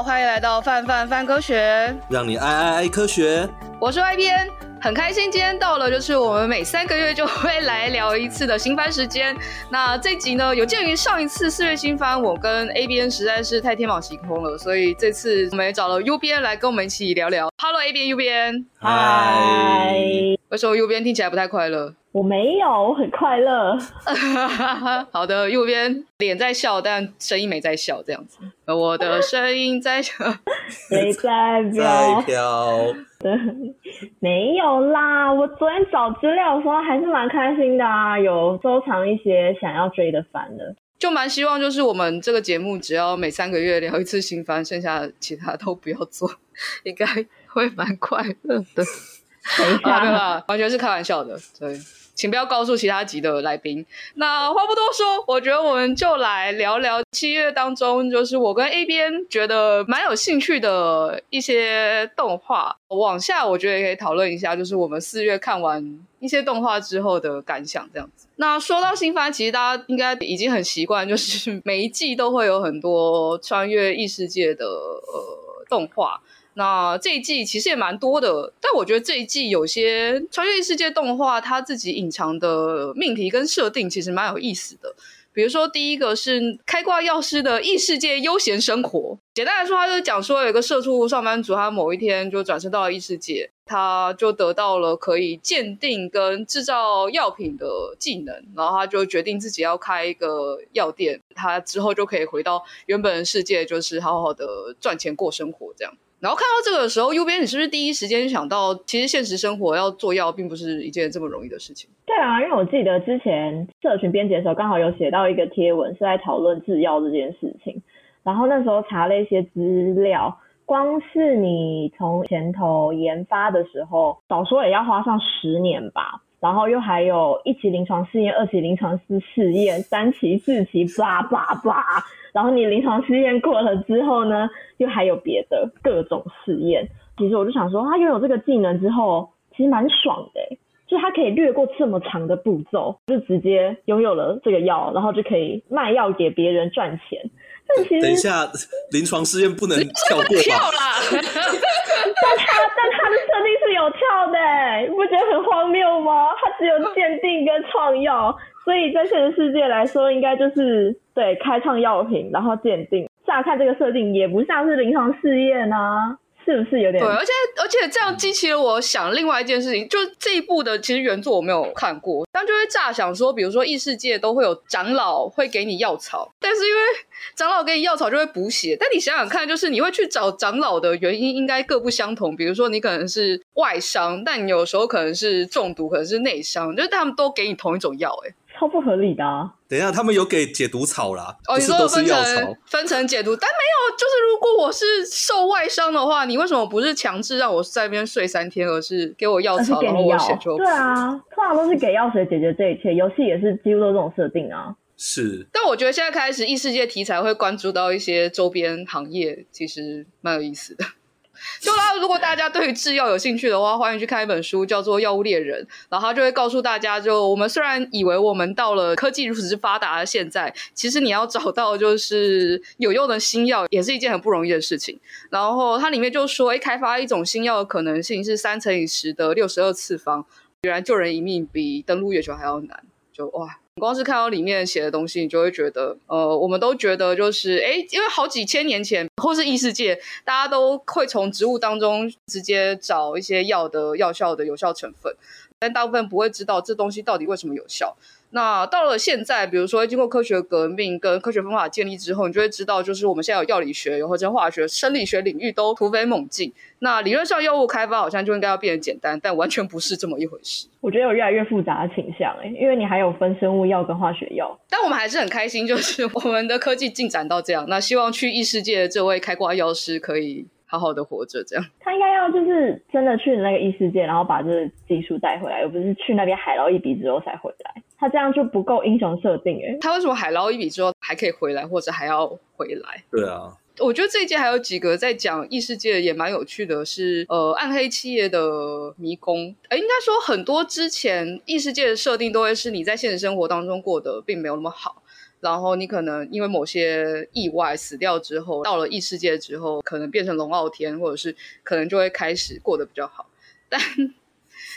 歡迎來到泛泛泛科學，讓你愛愛愛科學。我是 y 編，很開心今天到了，就是我們每三個月就會來聊一次的新番時間。那這集呢，有鑑於上一次四月新番，我跟 A 編實在是太天馬行空了，所以這次我們也找了 U 編來跟我們一起聊聊。Hello，A 編，U 編，嗨。為什麼右邊聽起來不太快樂？我沒有，我很快樂。 好的，右邊臉在笑，但聲音沒在笑，這樣子。我的聲音在笑沒，沒在飆。沒有啦，我昨天找資料的時候還是蠻開心的啊，有收藏一些想要追的番的，就蠻希望就是我們這個節目只要每三個月聊一次新番，剩下的其他都不要做，應該會蠻快樂的。沒有了、 啊對吧，完全是開玩笑的。對，請不要告訴其他集的來賓。那話不多說，我覺得我們就來聊聊七月當中，就是我跟 A 編覺得蠻有興趣的一些動畫。往下，我覺得也可以討論一下，就是我們四月看完一些動畫之後的感想，這樣子。那說到新番，其實大家應該已經很習慣，就是每一季都會有很多穿越異世界的呃動畫。那這一季其實也蠻多的，但我覺得這一季有些穿越異世界動畫，它自己隱藏的命題跟設定其實蠻有意思的。比如說第一個是開掛藥師的異世界悠閒生活，簡單來說，他就講說有一個社畜上班族，他某一天就轉生到了異世界，他就得到了可以鑑定跟制造藥品的技能，然後他就決定自己要開一個藥店，他之後就可以回到原本的世界，就是好好的賺錢過生活這樣。然後看到這個的時候，U 編，你是不是第一時間想到，其實現實生活要做藥，並不是一件這麼容易的事情？對啊，因為我記得之前社群編輯的時候，剛好有寫到一個貼文，是在討論製藥這件事情。然後那時候查了一些資料，光是你從前頭研發的時候，少說也要花上十年吧。然後又還有一期臨床試驗、二期臨床試試驗、三期、四期，叭叭叭。然後你臨床試驗過了之後呢，又還有別的各種試驗。其實我就想說，他擁有這個技能之後，其實蠻爽的，就是他可以略過這麼長的步驟，就直接擁有了這個藥，然後就可以賣藥給別人賺錢。但其實等一下，臨床試驗不能跳過吧？跳了？ 但他但他的設定是有跳的，你不覺得很荒謬嗎？他只有鑑定跟創藥。所以在現實世界來說，應該就是對開創藥品，然後鑑定。乍看這個設定，也不像是臨床試驗吶，是不是有點？對，而且而且這樣激起了我想另外一件事情，就是這一部的其實原作我沒有看過，但就會乍想說，比如說異世界都會有長老會給你藥草，但是因為長老給你藥草就會補血，但你想想看，就是你會去找長老的原因應該各不相同，比如說你可能是外傷，但你有時候可能是中毒，可能是內傷，就是他們都給你同一種藥，欸，哎。超不合理的啊！等一下，他們有給解毒草啦。哦，是都是藥草。你說的分成。分成解毒，但沒有。就是如果我是受外傷的話，你為什麼不是強制讓我在那邊睡三天，而是給我藥草，給你藥，然後我解毒？對啊，通常都是給藥水解決這一切。遊戲也是幾乎都這種設定啊。是。但我覺得現在開始異世界題材會關注到一些周邊行業，其實蠻有意思的。 就啦，如果大家對製藥有興趣的話，歡迎去看一本書，叫做《藥物獵人》，然後他就會告訴大家就，就我們雖然以為我們到了科技如此之發達的現在，其實你要找到就是有用的新藥，也是一件很不容易的事情。然後它裡面就說，誒，開發一種新藥的可能性是三乘以十的六十二次方，原來救人一命比登陸月球還要難，就哇！光是看到裡面寫的東西，你就會覺得，呃，我們都覺得就是，哎、欸，因為好幾千年前或是異世界，大家都會從植物當中直接找一些藥的藥效的有效成分，但大部分不會知道這東西到底為什麼有效。那到了現在，比如說經過科學革命跟科學方法建立之後，你就會知道，就是我們現在有藥理學，然後在化學、生理學領域都突飛猛進。那理論上藥物開發好像就應該要變得簡單，但完全不是這麼一回事。我覺得有越來越複雜的傾向哎，因為你還有分生物藥跟化學藥。但我們還是很開心，就是我們的科技進展到這樣。那希望去異世界的這位開掛藥師可以。好好的活着，這樣他應該要就是真的去那個異世界，然後把這個技術帶回來，而不是去那邊海撈一筆之後才回來。他這樣就不夠英雄設定哎。他為什麼海撈一筆之後還可以回來，或者還要回來？對啊，我覺得這一季還有幾個在講異世界的，也蠻有趣的是，呃，暗黑企業的迷宮。哎、欸，應該說很多之前異世界的設定都會是你在現實生活當中過得並沒有那麼好。然後你可能因為某些意外死掉之後，到了異世界之後，可能變成龍傲天，或者是可能就會開始過得比較好。但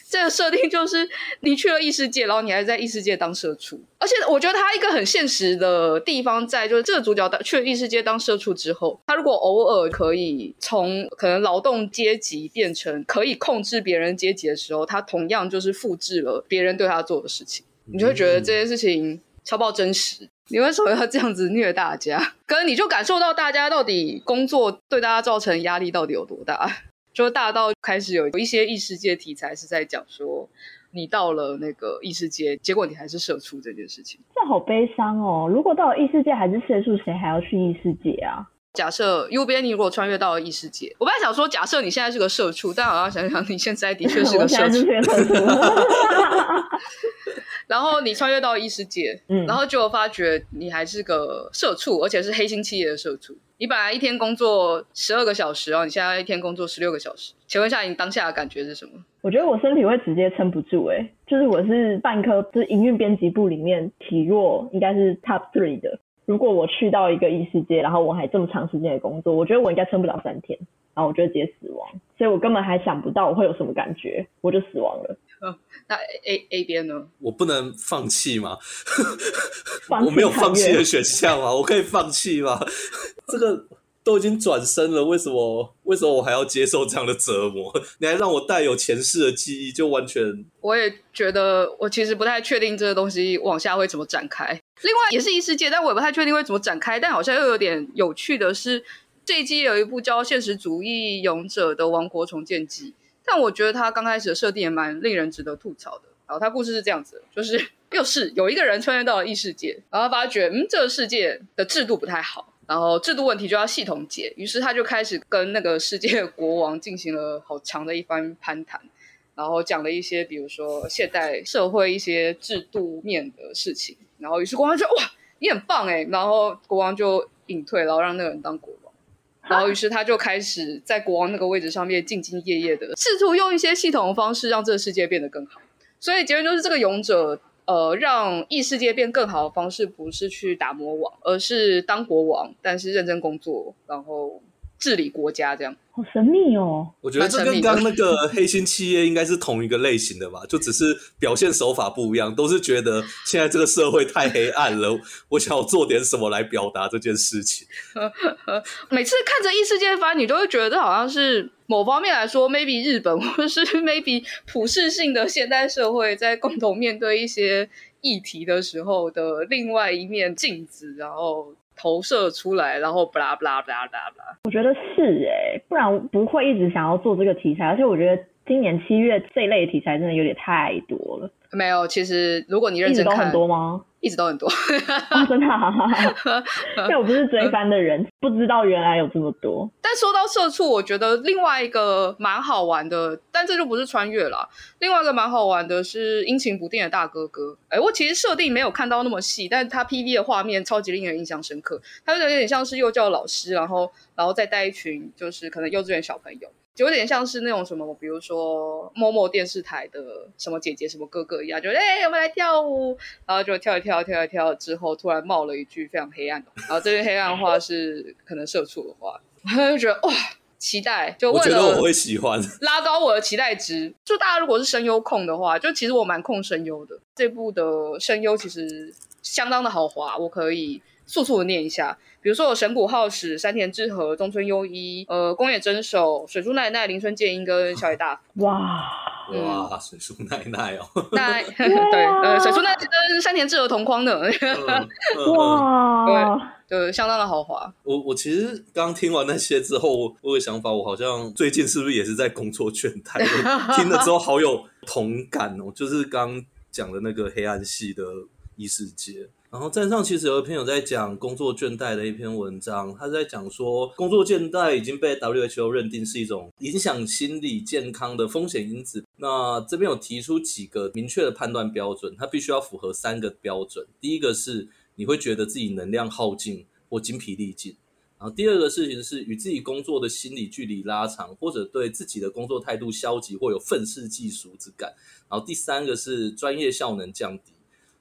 這個設定就是你去了異世界，然後你還在異世界當社畜。而且我覺得他一個很現實的地方在就是，這個主角到去了異世界當社畜之後，他如果偶爾可以從可能勞動階級變成可以控制別人階級的時候，他同樣就是複製了別人對他做的事情，嗯、你就會覺得這件事情超爆真實。你為什麼要這樣子虐大家？可是你就感受到大家到底工作對大家造成壓力到底有多大？就大到開始有有一些異世界題材是在講說，你到了那個異世界，結果你還是社畜這件事情。這好悲傷哦！如果到了異世界還是社畜，誰還要去異世界啊？假設 U 編你如果穿越到了異世界，我本來想說，假設你現在是個社畜，但好像想想，你現在的確是個社畜。 然後你穿越到異世界，嗯、然後就發覺你還是個社畜，而且是黑心企業的社畜。你本來一天工作十二個小時哦，然後你現在一天工作十六個小時。請問一下，你當下的感覺是什麼？我覺得我身體會直接撐不住誒，就是我是半顆，就是營運編輯部裡面體弱，應該是 top three 的。如果我去到一個異世界，然後我還這麼長時間的工作，我覺得我應該撐不了三天，然後我就直接死亡。所以我根本還想不到我會有什麼感覺，我就死亡了。啊、那 A A 編呢？我不能放棄嗎？ 我沒有放棄的選項嗎？我可以放棄嗎？ 這個。都已經轉身了，為什麼？為什麼我還要接受這樣的折磨？你還讓我帶有前世的記憶，就完全……我也覺得，我其實不太確定這個東西往下會怎麼展開。另外，也是異世界，但我也不太確定會怎麼展開。但好像又有點有趣的是，這一季有一部叫《現實主義勇者的王國重建記》，但我覺得他剛開始的設定也蠻令人值得吐槽的。然後他故事是這樣子的，就是又是有一個人穿越到了異世界，然後發覺嗯，這個世界的制度不太好。然後制度問題就要系統解，於是他就開始跟那個世界的國王進行了好長的一番攀談，然後講了一些比如說現代社會一些制度面的事情，然後於是國王就哇，你很棒哎，然後國王就隱退，然後讓那個人當國王，然後於是他就開始在國王那個位置上面兢兢業業的，試圖用一些系統的方式讓這個世界變得更好，所以結論就是這個勇者。呃，讓異世界變更好的方式，不是去打魔王，而是當國王，但是認真工作，然後。治理國家這樣，好神秘哦！我覺得這跟剛剛那個黑心企業應該是同一個類型的吧， 就只是表現手法不一樣，都是覺得現在這個社會太黑暗了， 我想要做點什麼來表達這件事情。 每次看着異世界番，你都會覺得好像是某方面來說，maybe 日本，或者是 maybe 普世性的現代社會在共同面對一些議題的時候的另外一面鏡子，然後。投射出來，然後不啦不啦不啦不啦，我覺得是誒、欸，不然不會一直想要做這個題材，而且我覺得。今年七月這一類題材真的有點太多了。沒有，其實如果你認真看，一直都很多嗎？一直都很多， 哦，真的啊？ 因為我不是追番的人， 不知道原來有這麼多。但說到社畜，我覺得另外一個蠻好玩的，但這就不是穿越啦。另外一個蠻好玩的是《陰晴不定的大哥哥》欸。哎，我其實設定沒有看到那麼細，但是他 PV 的畫面超級令人印象深刻。他就有點像是幼教老師，然後然後再帶一群就是可能幼稚園小朋友。就有點像是那種什麼，比如說某某電視台的什麼姐姐、什麼哥哥一樣，就哎、欸、我們來跳舞，然後就跳一跳、跳一跳之後，突然冒了一句非常黑暗的話，然後這句黑暗的話是 可能社畜的話，然後就覺得哇、哦、期待，就為了我，待我覺得我會喜歡，拉高我的期待值。就大家如果是聲優控的話，就其實我蠻控聲優的，這部的聲優其實相當的豪華，我可以。速速的念一下，比如說有神谷浩史、山田智和、中村悠一、呃、宮野真守、水樹奈奈、鈴村健一跟小野大。哇、嗯、哇，水樹奈奈哦，奈奶哇 對，呃，水樹奈奈跟山田智和同框的，哇，對，就相當的豪華。我我其實剛聽完那些之後，我有想法，我好像最近是不是也是在工作倦怠？ 聽了之後好有同感哦，就是剛講的那個黑暗系的異世界。然後站上其實有一篇有在講工作倦怠的一篇文章，他在講說工作倦怠已經被 WHO 認定是一種影響心理健康的風險因子。那這邊有提出幾個明確的判斷標準，它必須要符合三個標準：第一個是你會覺得自己能量耗盡或精疲力盡；然後第二個事情是與自己工作的心理距離拉長，或者對自己的工作態度消極或有憤世嫉俗之感；然後第三個是專業效能降低。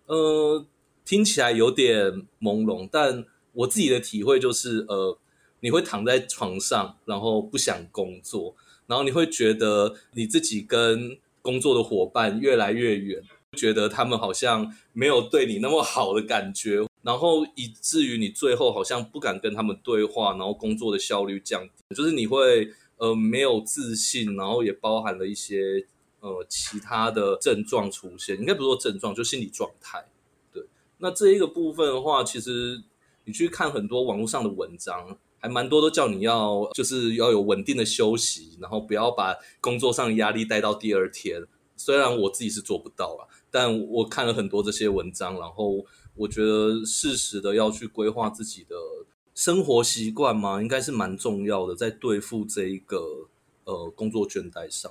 呃。聽起來有點朦朧，但我自己的體會就是，呃，你會躺在床上，然後不想工作，然後你會覺得你自己跟工作的夥伴越來越遠，覺得他們好像沒有對你那麼好的感覺，然後以至於你最後好像不敢跟他們對話，然後工作的效率降低，就是你會呃沒有自信，然後也包含了一些呃其他的症狀出現，應該不是說症狀，就心理狀態。那這一個部分的話，其實你去看很多網絡上的文章，還蠻多都叫你要，就是要有穩定的休息，然後不要把工作上的壓力帶到第二天。雖然我自己是做不到啦，但我看了很多這些文章，然後我覺得適時的要去規劃自己的生活習慣嘛，應該是蠻重要的，在對付這一個呃工作倦怠上。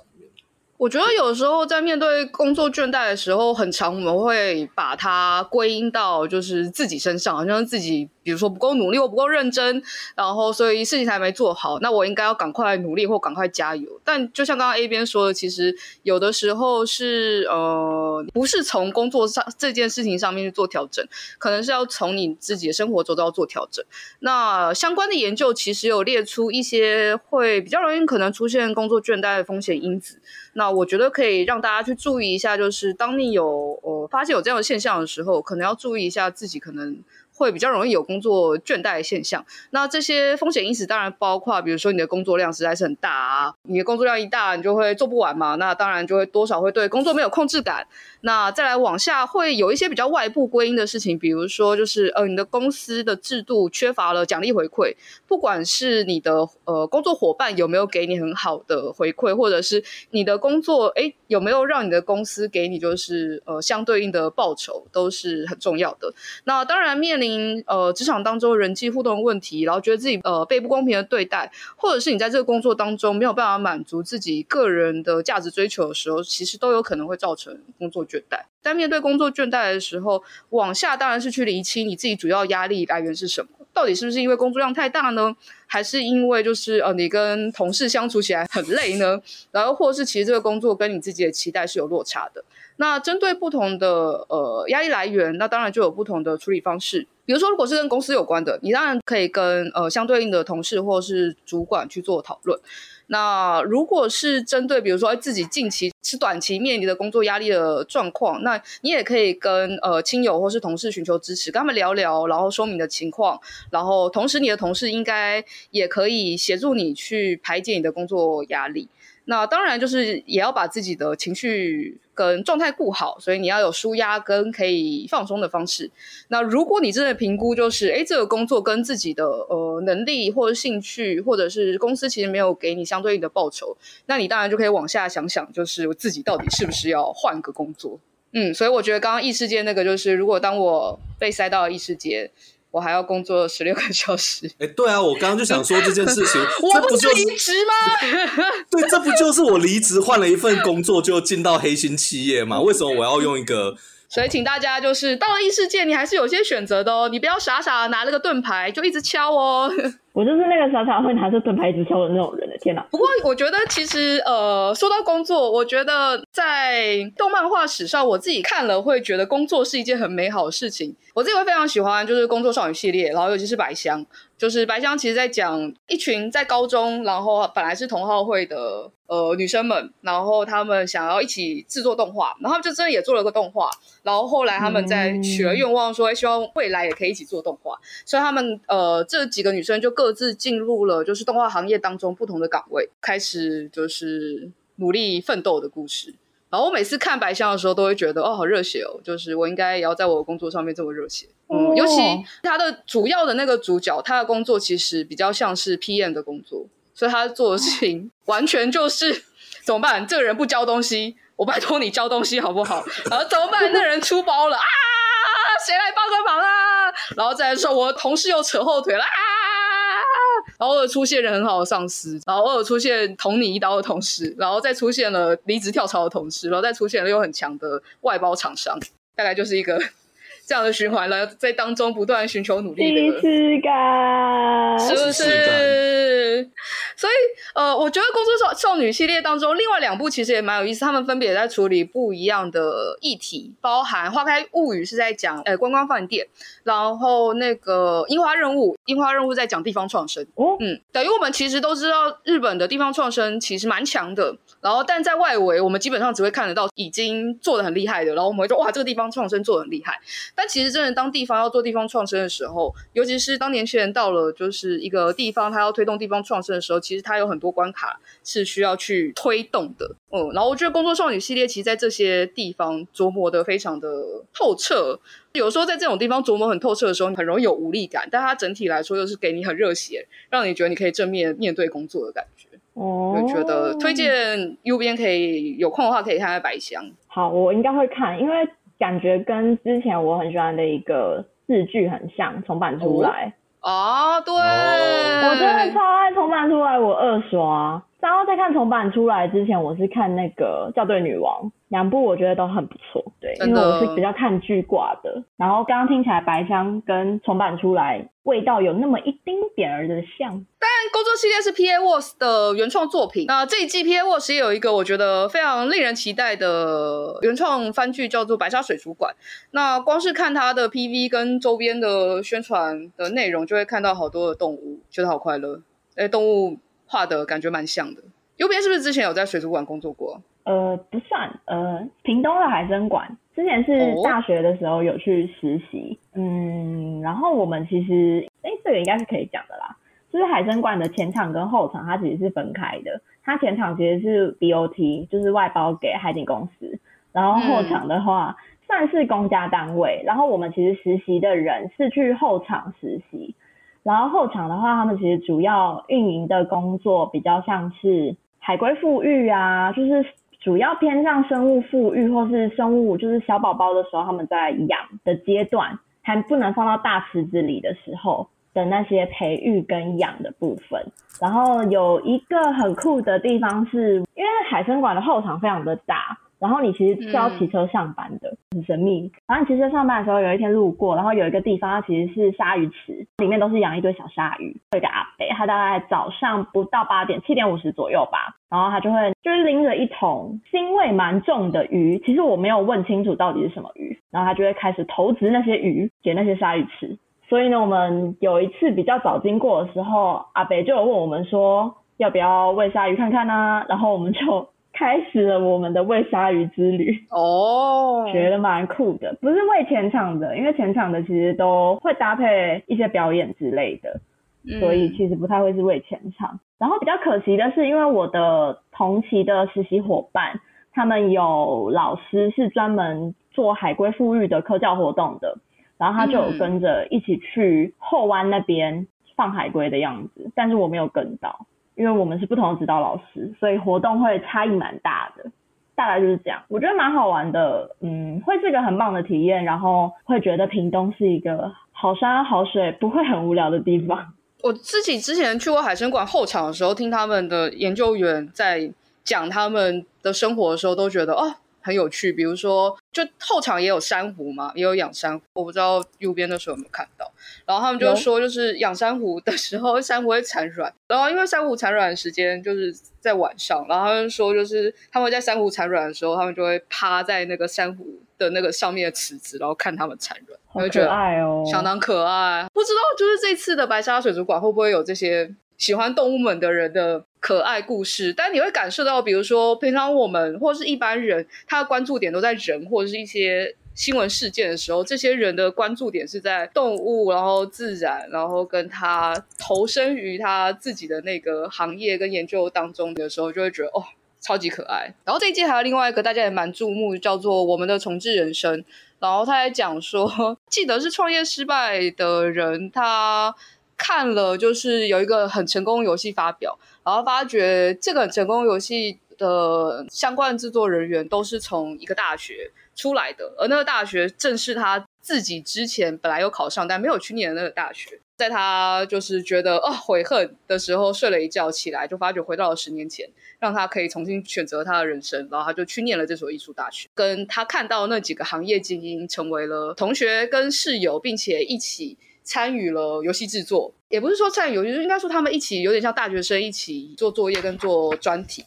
我覺得有時候在面對工作倦怠的時候，很常我們會把它歸因到就是自己身上，好像自己。比如說不夠努力，我不夠認真，然後所以事情才沒做好。那我應該要趕快努力或趕快加油。但就像剛剛 A 編說的，其實有的時候是呃不是從工作上這件事情上面去做調整，可能是要從你自己的生活周遭做調整。那相關的研究其實有列出一些會比較容易可能出現工作倦怠的風險因子。那我覺得可以讓大家去注意一下，就是當你有呃發現有這樣的現象的時候，可能要注意一下自己可能。會比較容易有工作倦怠的現象。那這些風險因子當然包括，比如說你的工作量實在是很大啊，你的工作量一大，你就會做不完嘛。那當然就會多少會對工作沒有控制感。那再來往下，會有一些比較外部歸因的事情，比如說就是呃，你的公司的制度缺乏了獎勵回饋，不管是你的呃工作夥伴有沒有給你很好的回饋，或者是你的工作哎有沒有讓你的公司給你就是呃相對應的報酬，都是很重要的。那當然面臨呃職場當中人際互動問題，然後覺得自己呃被不公平的對待，或者是你在這個工作當中沒有辦法滿足自己個人的價值追求的時候，其實都有可能會造成工作倦怠。倦怠，在面對工作倦怠的時候，往下當然是去釐清你自己主要壓力來源是什麼，到底是不是因為工作量太大呢，還是因為就是呃你跟同事相處起來很累呢， 然後或是其實這個工作跟你自己的期待是有落差的。那針對不同的呃壓力來源，那當然就有不同的處理方式。比如說如果是跟公司有關的，你當然可以跟呃相對應的同事或是主管去做討論。那如果是針對，比如說自己近期是短期面臨的工作壓力的狀況，那你也可以跟呃親友或是同事尋求支持，跟他們聊聊，然後說明的情況，然後同時你的同事應該也可以協助你去排解你的工作壓力。那當然就是也要把自己的情緒跟狀態顧好，所以你要有舒壓跟可以放鬆的方式。那如果你真的評估就是，誒、欸，這個工作跟自己的呃能力或者興趣，或者是公司其實沒有給你相對應的報酬，那你當然就可以往下想想，就是我自己到底是不是要換個工作？嗯，所以我覺得剛剛異世界那個就是，如果當我被塞到異世界。我還要工作十六個小時。哎、欸，對啊，我剛剛就想說這件事情，我不是離職嗎？ 對，這不就是我離職換了一份工作就進到黑心企業嗎？ 為什麼我要用一個？所以，請大家就是到了異世界，你還是有些選擇的哦，你不要傻傻的拿了個盾牌就一直敲哦。 我就是那個傻傻會拿着盾牌一直敲的那種人的天哪！不過我覺得其實呃，說到工作，我覺得在動漫畫史上，我自己看了會覺得工作是一件很美好的事情。我自己會非常喜歡，就是《工作少女》系列，然後尤其是白香。就是白香其實，在講一群在高中，然後本來是同好會的呃女生們，然後她們想要一起制作動畫，然後就真的也做了個動畫。然後後來她們在許了願望說，說、嗯欸、希望未來也可以一起做動畫。所以她們呃這幾個女生就各，各自進入了就是動畫行業當中不同的崗位，開始就是努力奮鬥的故事。然後我每次看白箱的時候，都會覺得哦，好熱血哦！就是我應該也要在我的工作上面這麼熱血。哦、嗯，尤其他的主要的那個主角，他的工作其實比較像是 PM 的工作，所以他做的事情完全就是怎麼辦？這個人不交東西，我拜託你交東西好不好？然後怎麼辦？那人出包了啊！誰來幫個忙啊？然後再說，我同事又扯後腿了啊！然後偶爾出現人很好的上司，然後偶爾出現捅你一刀的同事，然後再出現了離職跳槽的同事，然後再出現了又很強的外包廠商，大概就是一個。這樣的循環了，在當中不斷尋求努力的，是，第一次感。所以呃，我覺得《工作少少女》系列當中，另外兩部其實也蠻有意思。他們分別在處理不一樣的議題，包含《花開物語》是在講呃觀光飯店，然後那個櫻《櫻花任務》《櫻花任務》在講地方創生。哦、嗯，等於我們其實都知道，日本的地方創生其實蠻強的。然後，但在外圍，我們基本上只會看得到已經做得很厲害的。然後我們會說，哇，這個地方創生做得很厲害。但其實，真的當地方要做地方創生的時候，尤其是當年輕人到了就是一個地方，他要推動地方創生的時候，其實他有很多關卡是需要去推動的。嗯，然後我覺得《工作少女》系列其實在這些地方琢磨的非常的透徹。有時候在這種地方琢磨很透徹的時候，你很容易有無力感，但它整體來說又是給你很熱血，讓你覺得你可以正面面對工作的感覺。哦，就覺得推薦 U 編可以有空的話可以看看白箱。好，我應該會看，因為。感覺跟之前我很喜歡的一個日劇很像，重版出來啊、哦哦！對、哦，我真的超愛重版出來，我二刷。然後在看重版出來之前，我是看那個校對女王兩部，我覺得都很不錯。對，的因為我是比較看劇掛的。然後剛剛聽起來白箱跟重版出來味道有那麼一丁點兒的像。當然工作系列是 P A Works 的原創作品。那這一季 P A Works 也有一個我覺得非常令人期待的原創番劇，叫做《白沙水族館》。那光是看它的 P V 跟周邊的宣傳的內容，就會看到好多的動物，覺得好快樂。哎、欸，動物。畫的感覺蠻像的。右邊是不是之前有在水族館工作過，啊？呃，不算。呃，屏東的海生館之前是大學的時候有去實習。哦、嗯，然後我們其實，哎，這個應該是可以講的啦。就是海生館的前場跟後場，它其實是分開的。它前場其實是 BOT，就是外包給海景公司。然後後場的話，算是公家單位。嗯、然後我們其實實習的人是去後場實習。然後後場的話，他們其實主要運營的工作比較像是海龜復育啊，就是主要偏向生物復育，或是生物就是小寶寶的時候他們在養的階段，還不能放到大池子裡的時候的那些培育跟養的部分。然後有一個很酷的地方是，因為海生館的後場非常的大。然後你其實是要騎車上班的，嗯、很神秘。然後你騎車上班的時候，有一天路過，然後有一個地方，它其實是鯊魚池，裡面都是養一堆小鯊魚。有一個阿北，他大概早上不到八點，七點五十左右吧，然後他就會就是拎着一桶腥味蠻重的魚，其實我沒有問清楚到底是什麼魚，然後他就會開始投食那些魚給那些鯊魚吃。所以呢，我們有一次比較早經過的時候，阿北就有問我們說要不要餵鯊魚看看啊？然後我們就。開始了我們的餵鯊魚之旅哦，oh. 覺得蠻酷的。不是餵前場的，因為前場的其實都會搭配一些表演之類的，mm. 所以其實不太會是餵前場。然後比較可惜的是，因為我的同期的實習夥伴，他們有老師是專門做海龜復育的科教活動的，然後他就有跟着一起去後灣那邊放海龜的樣子，mm. 但是我沒有跟到。因為我們是不同的指導老師，所以活動會差異蠻大的，大概就是這樣。我覺得蠻好玩的，嗯，會是個很棒的體驗，然後會覺得屏東是一個好山好水，不會很無聊的地方。我自己之前去過海生館後場的時候，聽他們的研究員在講他們的生活的時候，都覺得哦。很有趣，比如說，就後場也有珊瑚嘛，也有養珊瑚。我不知道 U 編的時候有沒有看到。然後他們就說，就是養珊瑚的時候，哦、珊瑚會產卵。然後因為珊瑚產卵的時間就是在晚上，然後他們就說，就是他們在珊瑚產卵的時候，他們就會趴在那個珊瑚的那個上面的池子，然後看他們產卵。就覺得可好可愛哦，相當可愛。不知道就是這次的白沙水族館會不會有這些。喜歡動物們的人的可愛故事，但你會感受到，比如說平常我們或是一般人，他的關注點都在人或者是一些新聞事件的時候，這些人的關注點是在動物，然後自然，然後跟他投身於他自己的那個行業跟研究當中的時候，就會覺得哦，超級可愛。然後這一季還有另外一個大家也蠻注目，叫做《我們的重置人生》，然後他還講說，記得是創業失敗的人他。看了就是有一個很成功遊戲發表，然後發覺這個很成功遊戲的相關制作人員都是從一個大學出來的，而那個大學正是他自己之前本來有考上但沒有去念的那個大學。在他就是覺得啊、哦、悔恨的時候睡了一覺起來，就發覺回到了十年前，讓他可以重新選擇他的人生，然後他就去念了這所藝術大學，跟他看到那幾個行業精英成為了同學跟室友，並且一起。參與了遊戲制作，也不是說參與遊戲，就應該說他們一起有點像大學生一起做作業跟做專題，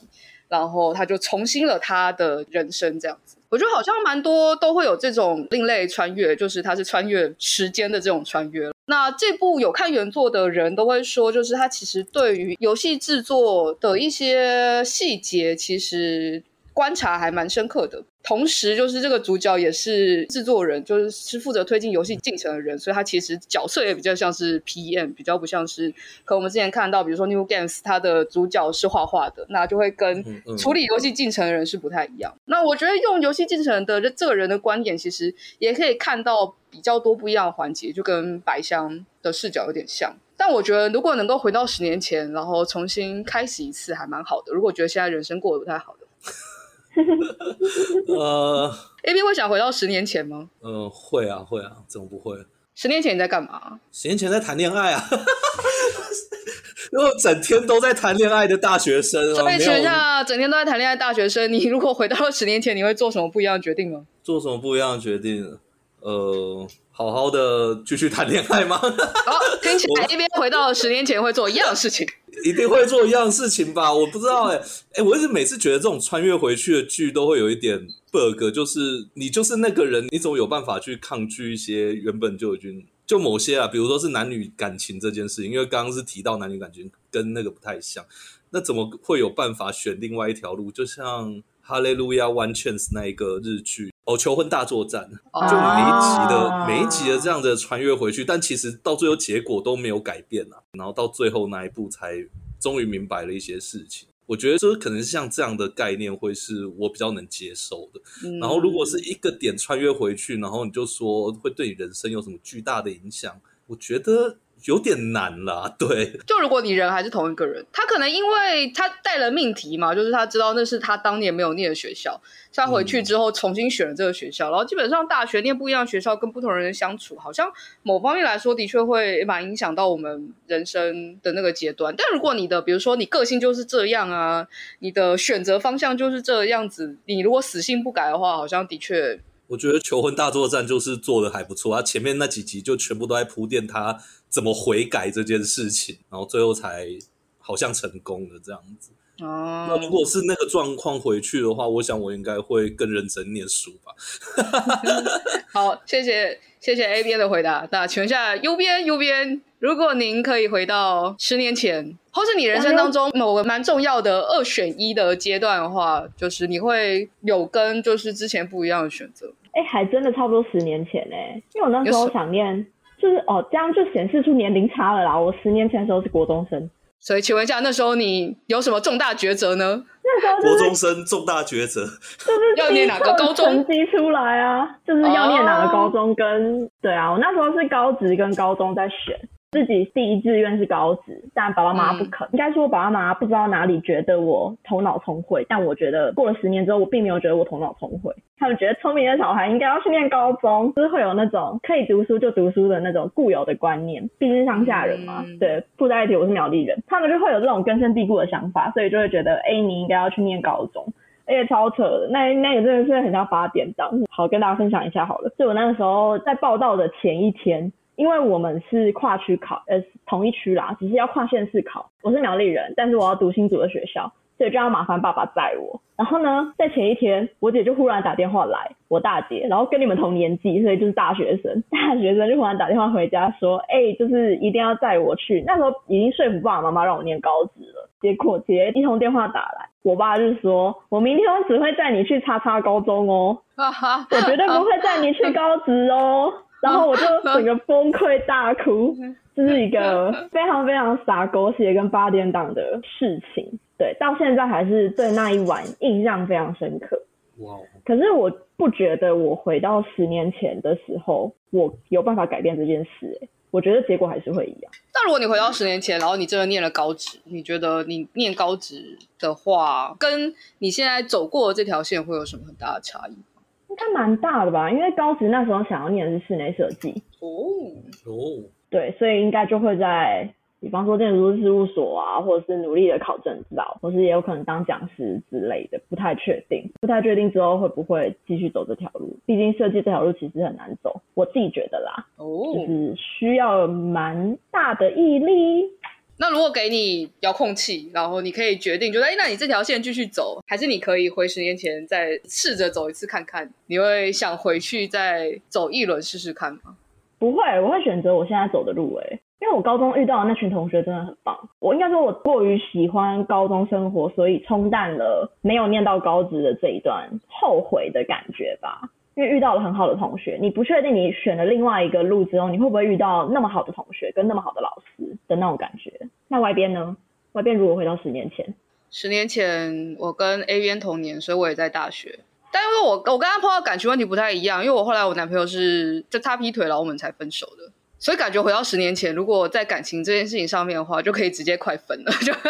然後他就重新了他的人生這樣子。我覺得好像蠻多都會有這種另類穿越，就是他是穿越時間的這種穿越。那這部有看原作的人都會說，就是他其實對於遊戲制作的一些細節，其實觀察還蠻深刻的。同時，就是這個主角也是制作人，就是是負責推進遊戲進程的人，所以他其實角色也比較像是 PM，比較不像是。可我們之前看到，比如說 New Games，它的主角是畫畫的，那就會跟處理遊戲進程的人是不太一樣。嗯嗯、那我覺得用遊戲進程的這個人的觀點，其實也可以看到比較多不一樣的環節，就跟白箱的視角有點像。但我覺得，如果能夠回到十年前，然後重新開始一次，還蠻好的。如果覺得現在人生過得不太好的。 呃，A B 會想回到十年前嗎？嗯、呃，會啊，會啊，怎麼不會？十年前你在幹嘛？十年前在談戀愛啊， 如果整天都在談戀愛的大學生啊，沒有，整天都在談戀愛的大學生，你如果回到了十年前，你會做什麼不一樣的決定嗎？做什麼不一樣的決定？呃。好好的繼續談戀愛嗎？好 ，oh, 聽起來那邊回到十年前會做一樣事情， 一定會做一樣事情吧？我不知道哎、欸，哎、欸，我一直每次覺得這種穿越回去的劇都會有一點 bug，就是你就是那個人，你怎麼有辦法去抗拒一些原本就已經就某些啊，比如說是男女感情這件事情，因為剛剛是提到男女感情跟那個不太像，那怎麼會有辦法選另外一條路？就像哈利路亞 One Chance 那一個日劇。哦，求婚大作戰，就每一集的、啊、每一集的這樣子的穿越回去，但其實到最後結果都沒有改變啊，然後到最後那一步才終於明白了一些事情。我覺得這可能像這樣的概念會是我比較能接受的。嗯、然後如果是一個點穿越回去，然後你就說會對你人生有什麼巨大的影響，我覺得。有點難了，對。就如果你人還是同一個人，他可能因為他帶了命題嘛，就是他知道那是他當年沒有念的學校，他回去之後重新選了這個學校，嗯、然後基本上大學念不一樣學校，跟不同人相處，好像某方面來說的確會蠻影響到我們人生的那個階段。但如果你的，比如說你個性就是這樣啊，你的選擇方向就是這樣子，你如果死性不改的話，好像的確，我覺得求婚大作戰就是做的還不錯啊，前面那幾集就全部都在鋪墊他。怎麼悔改這件事情，然後最後才好像成功了這樣子。哦、啊，那如果是那個狀況回去的話，我想我應該會更認真念書吧。 好，謝謝謝謝 A 編的回答。那請問一下，U 編 U 編，如果您可以回到十年前，或是你人生當中某個蠻重要的二選一的階段的話，就是你會有跟就是之前不一樣的選擇？哎、欸，還真的差不多十年前呢、欸，因為我那時候想念。就是哦，這樣就顯示出年齡差了啦。我十年前的時候是國中生，所以請問一下，那時候你有什麼重大抉擇呢？那時候國中生重大抉擇，就是要念哪個高中，成績出來啊，就是要念哪個高中跟。跟對啊，我那時候是高職跟高中在選。自己第一志願是高職，但爸爸媽媽不肯。嗯、應該說爸爸媽媽不知道哪裡覺得我頭腦聰慧，但我覺得過了十年之後，我並沒有覺得我頭腦聰慧。他們覺得聰明的小孩應該要去念高中，就是會有那種可以讀書就讀書的那種固有的觀念。畢竟鄉下人嘛，嗯、對，住在一起我是苗栗人，他們就會有這種根深蒂固的想法，所以就會覺得，哎、欸，你應該要去念高中。哎、欸、超扯的，那那個真的是很像八點檔。好，跟大家分享一下好了。就我那個時候在報到的前一天。因為我們是跨區考，呃，同一區啦，只是要跨縣市考。我是苗栗人，但是我要讀新竹的學校，所以就要麻煩爸爸載我。然後呢，在前一天，我姐就忽然打電話來，我大姐，然後跟你們同年紀，所以就是大學生。大學生就忽然打電話回家說：“哎、欸，就是一定要載我去。”那時候已經說服爸爸媽媽讓我念高職了，結果姐一通電話打來，我爸就說：“我明天我只會帶你去叉叉高中哦，uh huh. 我絕對不會帶你去高職哦。” 然後我就整個崩潰大哭，這 是一個非常非常撒狗血跟八點檔的事情。對，到現在還是對那一晚印象非常深刻。哇！Wow. 可是我不覺得我回到十年前的時候，我有辦法改變這件事、欸。我覺得結果還是會一樣。但如果你回到十年前，然後你真的念了高職，你覺得你念高職的話，跟你現在走過的這條線會有什麼很大的差異？應該蠻大的吧，因為高職那時候想要念的是室內設計哦，oh. Oh. 對，所以應該就會在比方說進入事務所啊，或者是努力的考證知道，或是也有可能當講師之類的，不太確定，不太確定之後會不會繼續走這條路，畢竟設計這條路其實很難走，我自己覺得啦，oh. 就是需要有蠻大的毅力。那如果給你遙控器，然後你可以決定，覺得哎，那你這條線繼續走，還是你可以回十年前再試着走一次看看？你會想回去再走一輪試試看嗎？不會，我會選擇我現在走的路誒、欸。因為我高中遇到的那群同學真的很棒。我應該說我過於喜歡高中生活，所以沖淡了沒有念到高職的這一段後悔的感覺吧。因為遇到了很好的同學，你不確定你選了另外一個路之後，你會不會遇到那麼好的同學跟那麼好的老師的那種感覺？那 Y 編呢？Y 編如果回到十年前，十年前我跟 A 編同年，所以我也在大學。但因為我我跟他碰到感情問題不太一樣，因為我後來我男朋友是就他劈腿了，我們才分手的。所以感覺回到十年前，如果在感情這件事情上面的話，就可以直接快分了，就可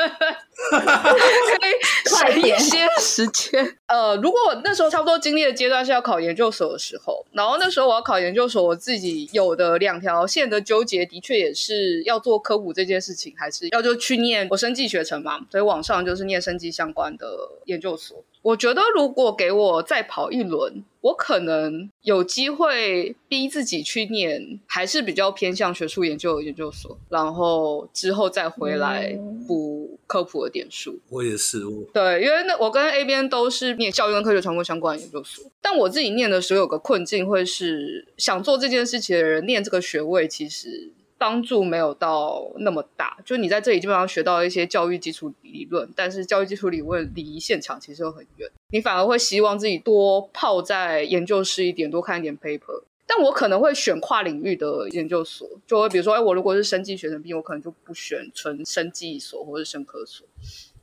以省一些時間。 呃，如果我那時候差不多經歷的階段是要考研究所的時候，然後那時候我要考研究所，我自己有的兩條線的糾結，的確也是要做科普這件事情，還是要就去念我生技學程嘛，所以網上就是念生技相關的研究所。我覺得如果給我再跑一輪，我可能有機會逼自己去念，還是比較偏向學術研究的研究所，然後之後再回來補、嗯。科普的點數，我也是，我對，因為那我跟 A 編都是念教育跟科學傳播相關的研究所，但我自己念的時候有個困境，會是想做這件事情的人念這個學位，其實幫助沒有到那麼大。就你在這裡基本上學到一些教育基礎理論，但是教育基礎理論離現場其實又很遠，你反而會希望自己多泡在研究室一點，多看一點 paper。但我可能會選跨領域的研究所，就會比如說，哎，我如果是生技學生兵，我可能就不選純生技所或是生科所，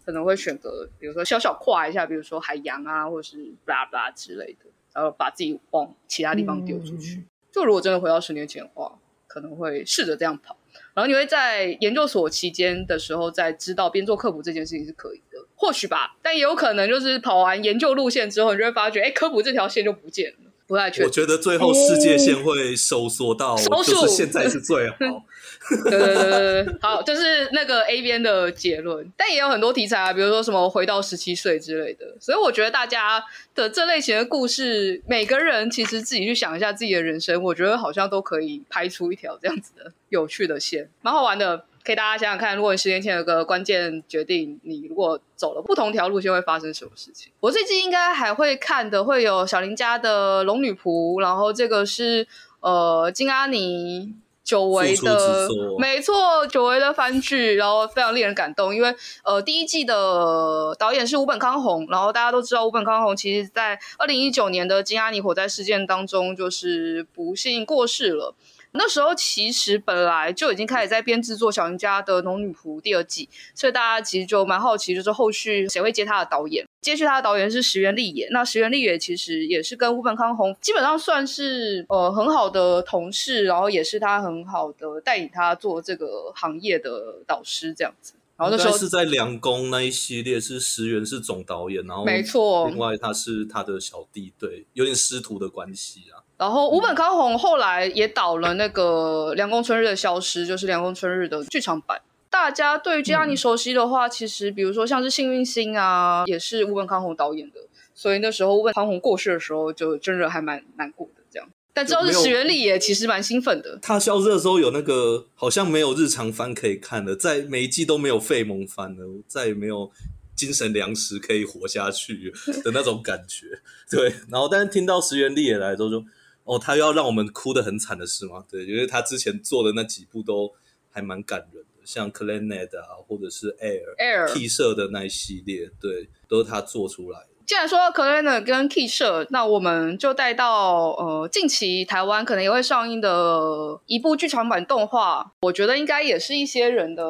可能會選擇比如說小小跨一下，比如說海洋啊，或者是巴拉巴拉之類的，然後把自己往其他地方丟出去。嗯嗯、就如果真的回到十年前的話，可能會試着這樣跑，然後你會在研究所期間的時候再知道邊做科普這件事情是可以的，或許吧，但也有可能就是跑完研究路線之後，你就會發覺，哎，科普這條線就不見了。不太覺得，我覺得最後世界線會收縮到，哦、就是現在是最好的、 嗯。好，就是那個 A 編的結論，但也有很多題材啊，比如說什麼回到十七歲之類的。所以我覺得大家的這類型的故事，每個人其實自己去想一下自己的人生，我覺得好像都可以拍出一條這樣子的有趣的線，蠻好玩的。可以大家想想看，如果你十年前有個關鍵決定，你如果走了不同條路線，會發生什麼事情？我最近應該還會看的，會有小林家的龍女僕，然後這個是呃金阿尼久違的，沒錯，久違的番劇，然後非常令人感動，因為呃第一季的導演是武本康宏，然後大家都知道武本康宏其實在二零一九年的金阿尼火災事件當中就是不幸過世了。那時候其實本來就已經開始在編制做《小林家的龍女僕》第二季，所以大家其實就蠻好奇，就是後續誰會接他的導演？接續他的導演是石原立也。那石原立也其實也是跟武本康弘基本上算是呃很好的同事，然後也是他很好的帶領他做這個行業的導師這樣子。然後那時候、嗯、是在《涼宮》那一系列是石原是總導演，然後沒錯，另外他是他的小弟，對，有點師徒的關係啊。然後，武、嗯、本康弘後來也導了那個《涼宮春日的消失》，就是《涼宮春日》的劇場版。大家對於京阿尼熟悉的話，嗯、其實比如說像是《幸運星》啊，也是武本康弘導演的。所以那時候武本康弘過世的時候，就真的還蠻難過的。這樣，但知道是石原立也，其實蠻興奮的。他消失的時候，有那個好像沒有日常番可以看了，在每一季都沒有廢萌番了，再也沒有精神糧食可以活下去的那種感覺。 對，然後但是聽到石原立也來之後，就。哦，他要讓我們哭得很慘的事嗎？對，因為他之前做的那幾部都還蠻感人的，像《Clannad》啊，或者是《Air》、《Air》、《Key 社》的那一系列，對，都是他做出來的。既然說到《Clannad》跟《Key 社》，那我們就帶到呃近期台灣可能也會上映的一部劇場版動畫，我覺得應該也是一些人的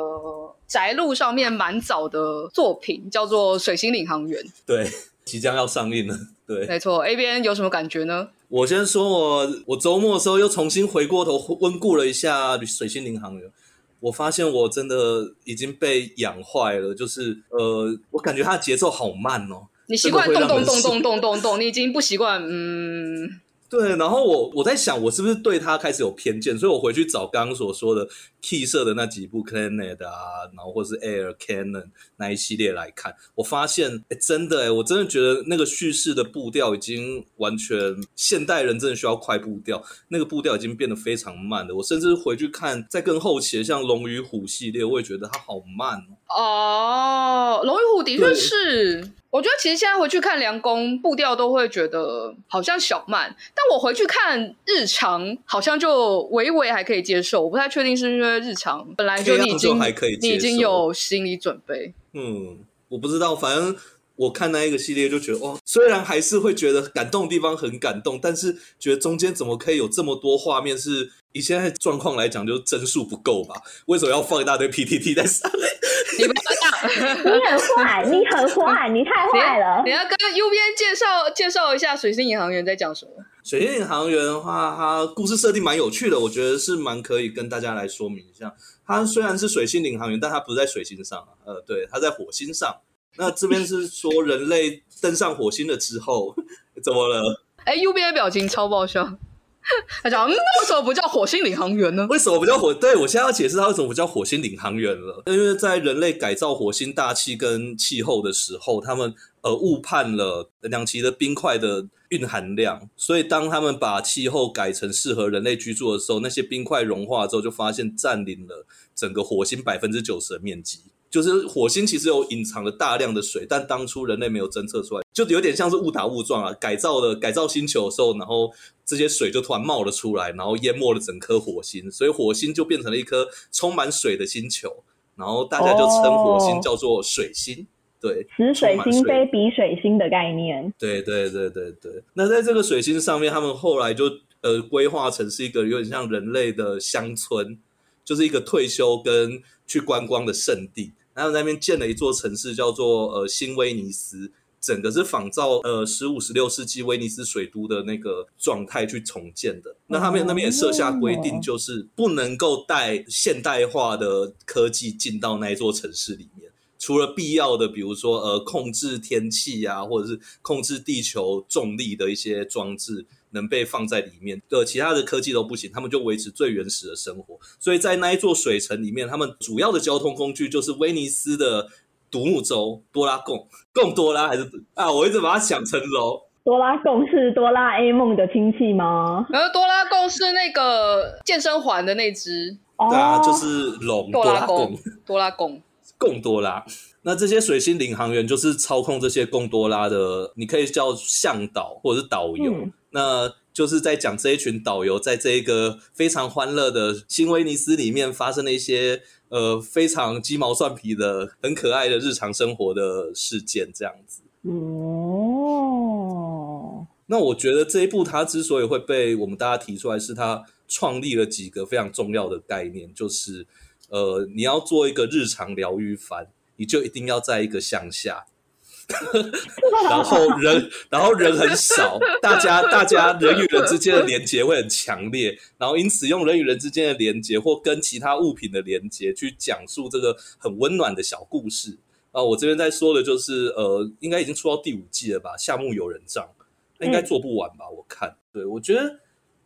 宅路上面蠻早的作品，叫做《水星領航員》。對，即將要上映了。對，沒錯。A 編有什麼感覺呢？我先說我，我我周末的時候又重新回過頭溫故了一下《水星領航員》，我發現我真的已經被養壞了，就是呃，我感覺它的節奏好慢哦。你習慣咚咚咚咚咚咚咚，你已經不習慣，嗯。對，然後我我在想，我是不是對他開始有偏見，所以我回去找剛剛所說的 Key 社的那幾部《Clannad》啊，然後或是《Air》、《Kanon》那一系列來看，我發現，哎，真的，哎，我真的覺得那個敘事的步調已經完全現代人真的需要快步調，那個步調已經變得非常慢了。我甚至回去看再更後期的像《龍與虎》系列，我也覺得它好慢哦。哦，《龍與虎》的確是。我覺得其實現在回去看涼宮步調都會覺得好像小慢，但我回去看日常好像就微微還可以接受。我不太確定是因為日常本來就已經就你已經有心理準備，嗯，我不知道，反正。我看那一個系列，就覺得哦，雖然還是會覺得感動的地方很感動，但是覺得中間怎麼可以有這麼多畫面是，是以現在狀況來講，就是幀數不夠吧？為什麼要放一大堆 PPT 在上面？你不知道？ 你很壞，你很壞， 你太壞了！你要跟右邊介紹介紹一下《水星領航員》在講什麼？《水星領航員》的話，它故事設定蠻有趣的，我覺得是蠻可以跟大家來說明一下。它雖然是水星領航員，但它不是在水星上，呃，對，它在火星上。 那這邊是說人類登上火星了之後怎麼了？ 哎，右邊的表情超爆笑。他 講，那為什麼不叫火星領航員呢？為什麼不叫火？對我現在要解釋他為什麼不叫火星領航員了。因為在人類改造火星大氣跟氣候的時候，他們呃誤判了兩極的冰塊的蘊含量，所以當他們把氣候改成適合人類居住的時候，那些冰塊融化之後，就發現占領了整個火星百分之九十的面積。就是火星其實有隱藏了大量的水，但當初人類沒有偵測出來，就有點像是誤打誤撞啊。改造的改造星球的時候，然後這些水就突然冒了出來，然後淹沒了整顆火星，所以火星就變成了一顆充滿水的星球。然後大家就稱火星叫做水星，哦、對，此水星非彼水星的概念。對對對對對。那在這個水星上面，他們後來就呃規劃成是一個有點像人類的鄉村，就是一個退休跟去觀光的聖地。然後那邊建了一座城市，叫做呃新威尼斯，整個是仿照呃十五十六世紀威尼斯水都的那個狀態去重建的。那他們那邊也設下規定，就是不能夠帶現代化的科技進到那一座城市裡面，除了必要的，比如說呃控制天氣啊，或者是控制地球重力的一些裝置。能被放在裡面的其他的科技都不行，他們就維持最原始的生活。所以在那一座水城裡面，他們主要的交通工具就是威尼斯的獨木舟——多拉貢貢多拉，還是啊？我一直把它想成龍。多拉貢是哆啦 A 夢的親戚嗎？呃，多拉貢是那個健身環的那只。對、哦、啊，就是龍。多拉貢，多拉貢貢多，多，多拉。那這些水星領航員就是操控這些貢多拉的，你可以叫向導或者是導遊，嗯、那就是在講這一群導遊在這一個非常歡樂的新威尼斯裡面發生了一些呃非常雞毛蒜皮的、很可愛的日常生活的事件，這樣子。哦、嗯，那我覺得這一部它之所以會被我們大家提出來，是它創立了幾個非常重要的概念，就是呃，你要做一個日常療癒番。你就一定要在一個鄉下， 然後人， 然後人很少， 大家大家人與人之間的連接會很強烈，然後因此用人與人之間的連接或跟其他物品的連接去講述這個很溫暖的小故事啊、呃！我這邊在說的就是，呃，應該已經出到第五季了吧，《夏目友人帳》那應該做不完吧？我看，對，我覺得。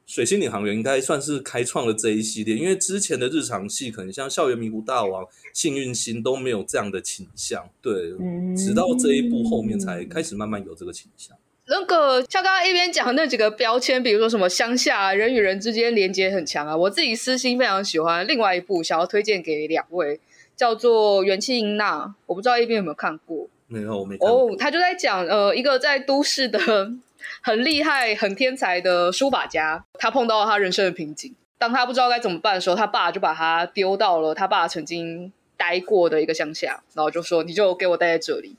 水星領航員應該算是開創了這一系列，因為之前的日常系可能像校園迷糊大王、幸運星都沒有這樣的傾向，對，嗯、直到這一部後面才開始慢慢有這個傾向。那個像剛剛一邊講那幾個標籤，比如說什麼鄉下人與人之間連接很強啊，我自己私心非常喜歡。另外一部想要推薦給兩位叫做元氣囝仔，我不知道一邊有沒有看過，沒有，我沒看過哦，他就在講呃，一個在都市的。很厲害、很天才的書法家，他碰到了他人生的瓶頸。當他不知道該怎麼辦的時候，他爸就把他丟到了他爸曾經待過的一個鄉下，然後就說：“你就給我待在這裡。”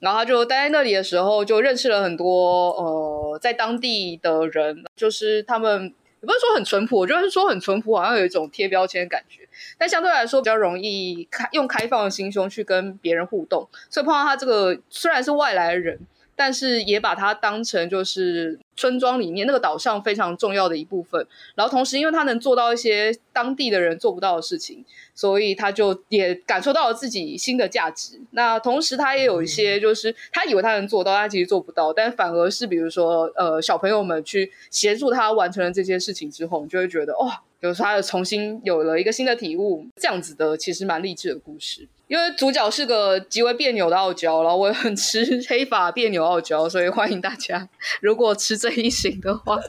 然後他就待在那裡的時候，就認識了很多呃，在當地的人，就是他們也不是說很淳樸，我就是說很淳樸，好像有一種貼標籤的感覺。但相對來說比較容易開，用開放的心胸去跟別人互動。所以碰到他這個雖然是外來的人。但是也把它當成就是村莊裡面那個島上非常重要的一部分。然後同時，因為他能做到一些當地的人做不到的事情，所以他就也感受到了自己新的價值。那同時，他也有一些就是、嗯、他以為他能做到，他其實做不到。但反而是比如說呃，小朋友們去協助他完成了這些事情之後，你就會覺得哇。哦。就是他重新有了一個新的體悟，這樣子的其實蠻勵志的故事。因為主角是個極為彆扭的傲嬌，然後我也很吃黑髮彆扭傲嬌，所以歡迎大家如果吃這一型的話，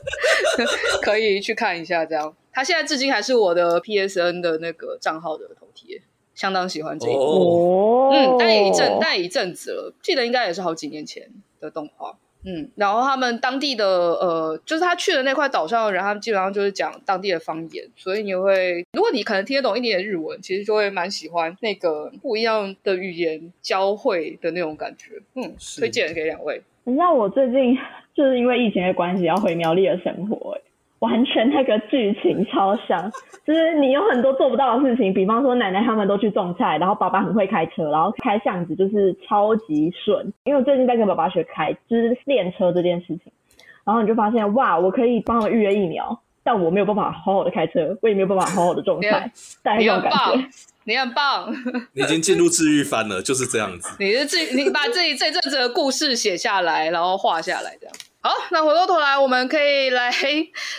可以去看一下這樣。他現在至今還是我的 PSN 的那個賬號的頭貼，相當喜歡這一部。Oh. 嗯，但也一陣，但也、oh. 一陣子了，記得應該也是好幾年前的動畫。嗯，然後他們當地的呃，就是他去的那塊島上的人，他們基本上就是講當地的方言，所以你會，如果你可能聽得懂一點點日文，其實就會蠻喜歡那個不一樣的語言交匯的那種感覺。嗯，是推薦給兩位。那我最近就是因為疫情的關係要回苗栗的生活，欸，完全那個劇情超像，就是你有很多做不到的事情，比方說奶奶他們都去種菜，然後爸爸很會開車，然後開巷子就是超級順。因為我最近在跟爸爸學開，就是練車這件事情，然後你就發現哇，我可以幫他們預約疫苗，但我沒有辦法好好的開車，我也沒有辦法好好的種菜，但很,很棒，你很棒， 你已經進入治癒番了，就是這樣子。你是自，你把自己這陣子的故事寫下來，然後畫下來這樣。好，那回過頭來，我們可以來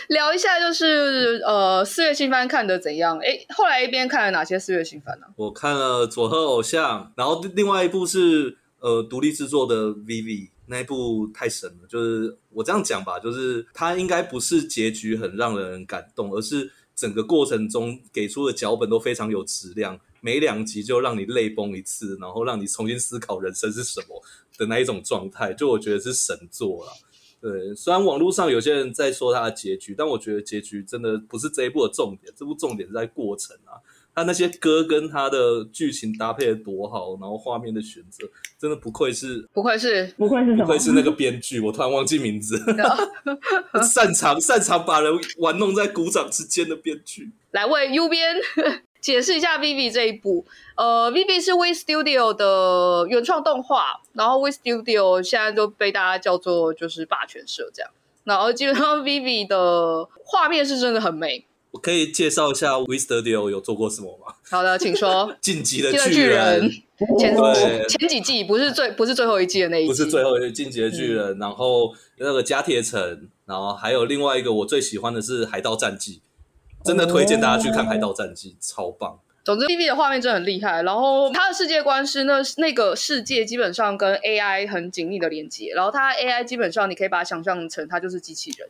聊一下，就是呃，四月新番看得怎樣？誒，後來 A 編看了哪些四月新番呢？啊？我看了《佐賀偶像》，然後另外一部是呃，獨立製作的《Vivy》那一部太神了。就是我這樣講吧，就是它應該不是結局很讓人感動，而是整個過程中給出的腳本都非常有質量，每兩集就讓你淚崩一次，然後讓你重新思考人生是什麼的那一種狀態，就我覺得是神作了。對，雖然網絡上有些人在說他的結局，但我覺得結局真的不是這一部的重點，這部重點是在過程啊。他那些歌跟他的劇情搭配的多好，然後畫面的選擇，真的不愧是不愧是不愧是什麼？不愧是那個編劇， 我突然忘記名字， 擅長擅長把人玩弄在鼓掌之間的編劇。來問 U 編 解釋一下《Vivy》這一部，呃，《Vivy》是 WIT Studio 的原創動畫，然後 WIT Studio 現在就被大家叫做就是霸權社這樣。然後基本上《Vivy》的畫面是真的很美。我可以介紹一下 WIT Studio 有做過什麼嗎？好的，請說。進擊 的巨人， 進擊的巨人，前幾對前幾季不是最不是最後一季的那一季，不是最後一季進擊的巨人，嗯、然後那個甲鐵城，然後還有另外一個我最喜歡的是海《海盜戰記》。真的推薦大家去看《海盜戰記》，超棒。總之 TV 的畫面真的很厲害。然後，它的世界觀是那那個世界基本上跟 A I 很緊密的連接。然後，它 A I 基本上你可以把它想象成它就是機器人。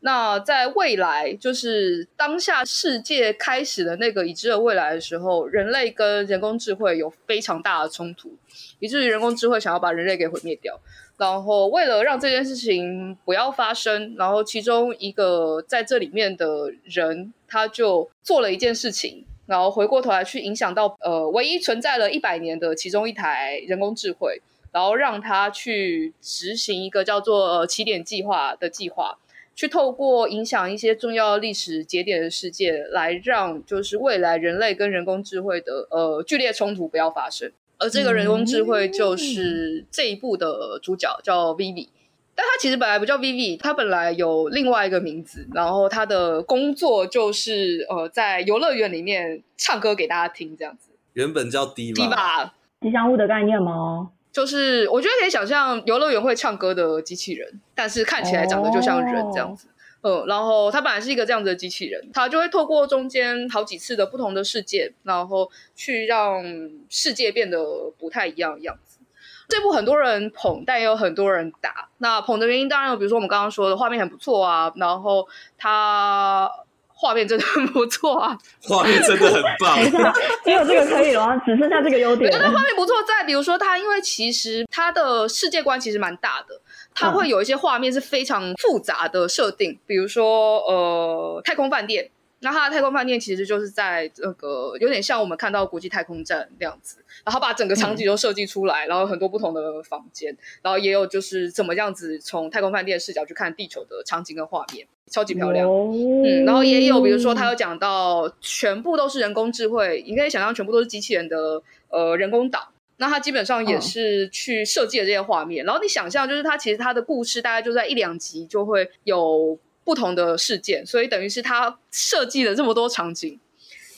那在未來，就是當下世界開始的那個已知的未來的時候，人類跟人工智慧有非常大的衝突，以至於人工智慧想要把人類給毀滅掉。然後，為了讓這件事情不要發生，然後其中一個在這裡面的人。他就做了一件事情，然後回過頭來去影響到呃，唯一存在了一百年的其中一台人工智慧，然後讓它去執行一個叫做“呃、起點計劃”的計劃，去透過影響一些重要歷史節點的事件，來讓就是未來人類跟人工智慧的呃劇烈衝突不要發生。而這個人工智慧就是這一部的主角，嗯嗯、叫 Vivy。但他其實本來不叫 Vivy，他本來有另外一個名字，然後他的工作就是呃，在遊樂園裡面唱歌給大家聽這樣子。原本叫 Diva Diva 吧，吉祥物的概念嗎？就是我覺得可以想象遊樂園會唱歌的機器人，但是看起來長得就像人、Oh. 這樣子。嗯、呃，然後他本來是一個這樣子的機器人，他就會透過中間好幾次的不同的世界，然後去讓世界變得不太一樣一樣。這部很多人捧，但也有很多人打。那捧的原因當然有，比如說我們剛剛說的畫面很不錯啊，然後它畫面真的很不錯啊，畫面真的很棒。 只有這個可以了，只剩下這個優點。我覺得畫面不錯，在比如說它，因為其實它的世界觀其實蠻大的，它會有一些畫面是非常複雜的設定，嗯、比如說呃，太空飯店。那它的太空飯店其實就是在那、這個有點像我們看到國際太空站那樣子，然後把整個場景都設計出來，嗯、然後很多不同的房間，然後也有就是怎麼樣子從太空飯店視角去看地球的場景跟畫面，超級漂亮。哦、嗯，然後也有比如說他有講到全部都是人工智慧，嗯、你可以想象全部都是機器人的呃人工島，那他基本上也是去設計的這些畫面。哦、然後你想象就是他其實他的故事大概就在一兩集就會有，不同的事件，所以等於是他設計了這麼多場景。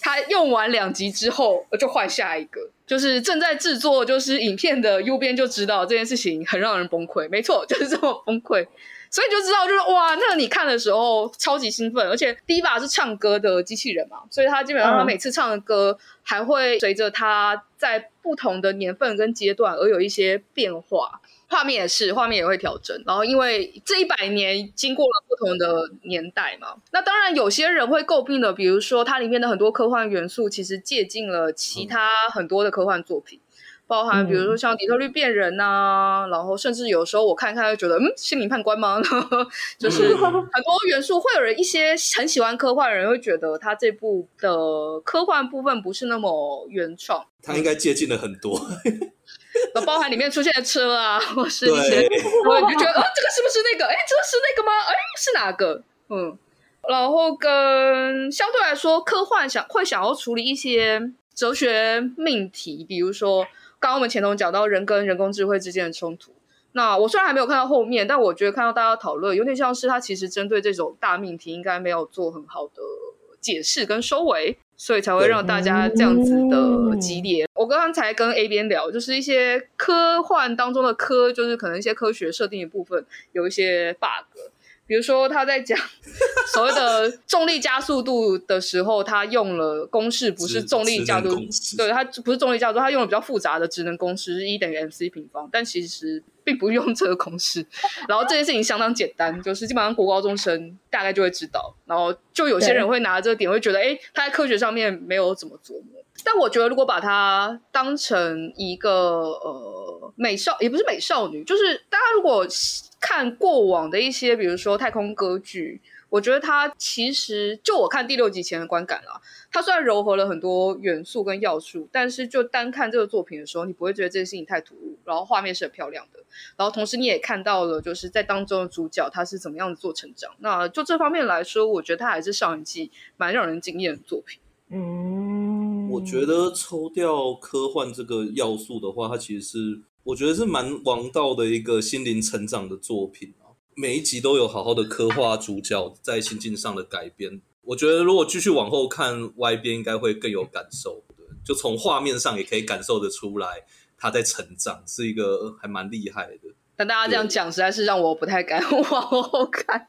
他用完兩集之後就換下一個，就是正在制作，就是影片的 U 編就知道這件事情很讓人崩潰。沒錯，就是這麼崩潰。所以就知道就是哇，那個你看的時候超級興奮，而且 Diva 是唱歌的機器人嘛，所以他基本上他每次唱的歌還會隨着它在不同的年份跟階段而有一些變化，畫面也是，畫面也會調整。然後因為這一百年經過了不同的年代嘛，那當然有些人會詬病的，比如說它裡面的很多科幻元素其實借鑑了其他很多的科幻作品。包含比如說像底特律變人吶、啊，嗯、然後甚至有時候我看看會覺得，嗯，心靈判官嗎？ 就是很多元素，會有人一些很喜歡科幻的人會覺得他這部的科幻部分不是那麼原創，他應該借鑑了很多，那 包含裡面出現的車啊， 或是一些，我對就覺得，哦、呃，這個是不是那個？哎，這是那個嗎？哎，是哪個？嗯，然後跟相對來說科幻想會想要處理一些哲學命題，比如說。剛剛我們前頭講到人跟人工智慧之間的衝突，那我雖然還沒有看到後面，但我覺得看到大家討論有點像是他其實針對這種大命題應該沒有做很好的解釋跟收尾，所以才會讓大家這樣子的激烈。對我剛才跟 A 編聊，就是一些科幻當中的科，就是可能一些科學設定的部分有一些 bug。比如說，他在講所謂的重力加速度的時候，他用了公式，不是重力加速度，對，他不是重力加速度，他用了比較複雜的質能公式，是 E 等於 MC 平方，但其實並不用這個公式。然後這件事情相當簡單，就是基本上國高中生大概就會知道。然後就有些人會拿這個點，會覺得哎，他在科學上面沒有怎麼琢磨。但我覺得，如果把它當成一個呃美少，也不是美少女，就是大家如果。看過往的一些，比如說太空歌劇，我覺得它其實就我看第六集前的觀感啦，它雖然糅合了很多元素跟要素，但是就單看這個作品的時候，你不會覺得這件事情太突兀，然後畫面是很漂亮的，然後同時你也看到了就是在當中的主角他是怎麼樣做成長，那就這方面來說，我覺得他還是上一季蠻讓人驚豔的作品。嗯，我覺得抽掉科幻這個要素的話，它其實是。我覺得是蠻王道的一個心靈成長的作品啊，每一集都有好好的刻畫主角在心境上的改變。我覺得如果繼續往後看，Y 編應該會更有感受的。就從畫面上也可以感受得出來，他在成長是一個還蠻厲害的。但大家這樣講，實在是讓我不太敢往後看。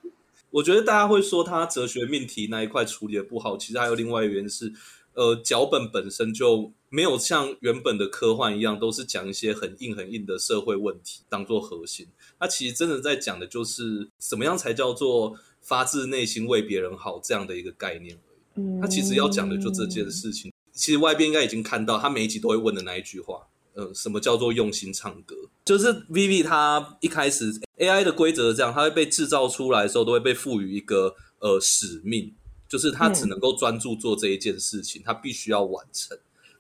我覺得大家會說他哲學命題那一塊處理的不好，其實還有另外一個原因是，呃，腳本本身就。沒有像原本的科幻一樣，都是講一些很硬很硬的社會問題當做核心。它其實真的在講的就是什麼樣才叫做發自內心為別人好這樣的一個概念而已。嗯，它其實要講的就這件事情。其實外邊應該已經看到，他每一集都會問的那一句話，嗯、呃，什麼叫做用心唱歌？就是 Vivy，他一開始 AI 的規則是這樣，它會被製造出來的時候，都會被賦予一個呃使命，就是它只能夠專注做這一件事情，它、嗯、必須要完成。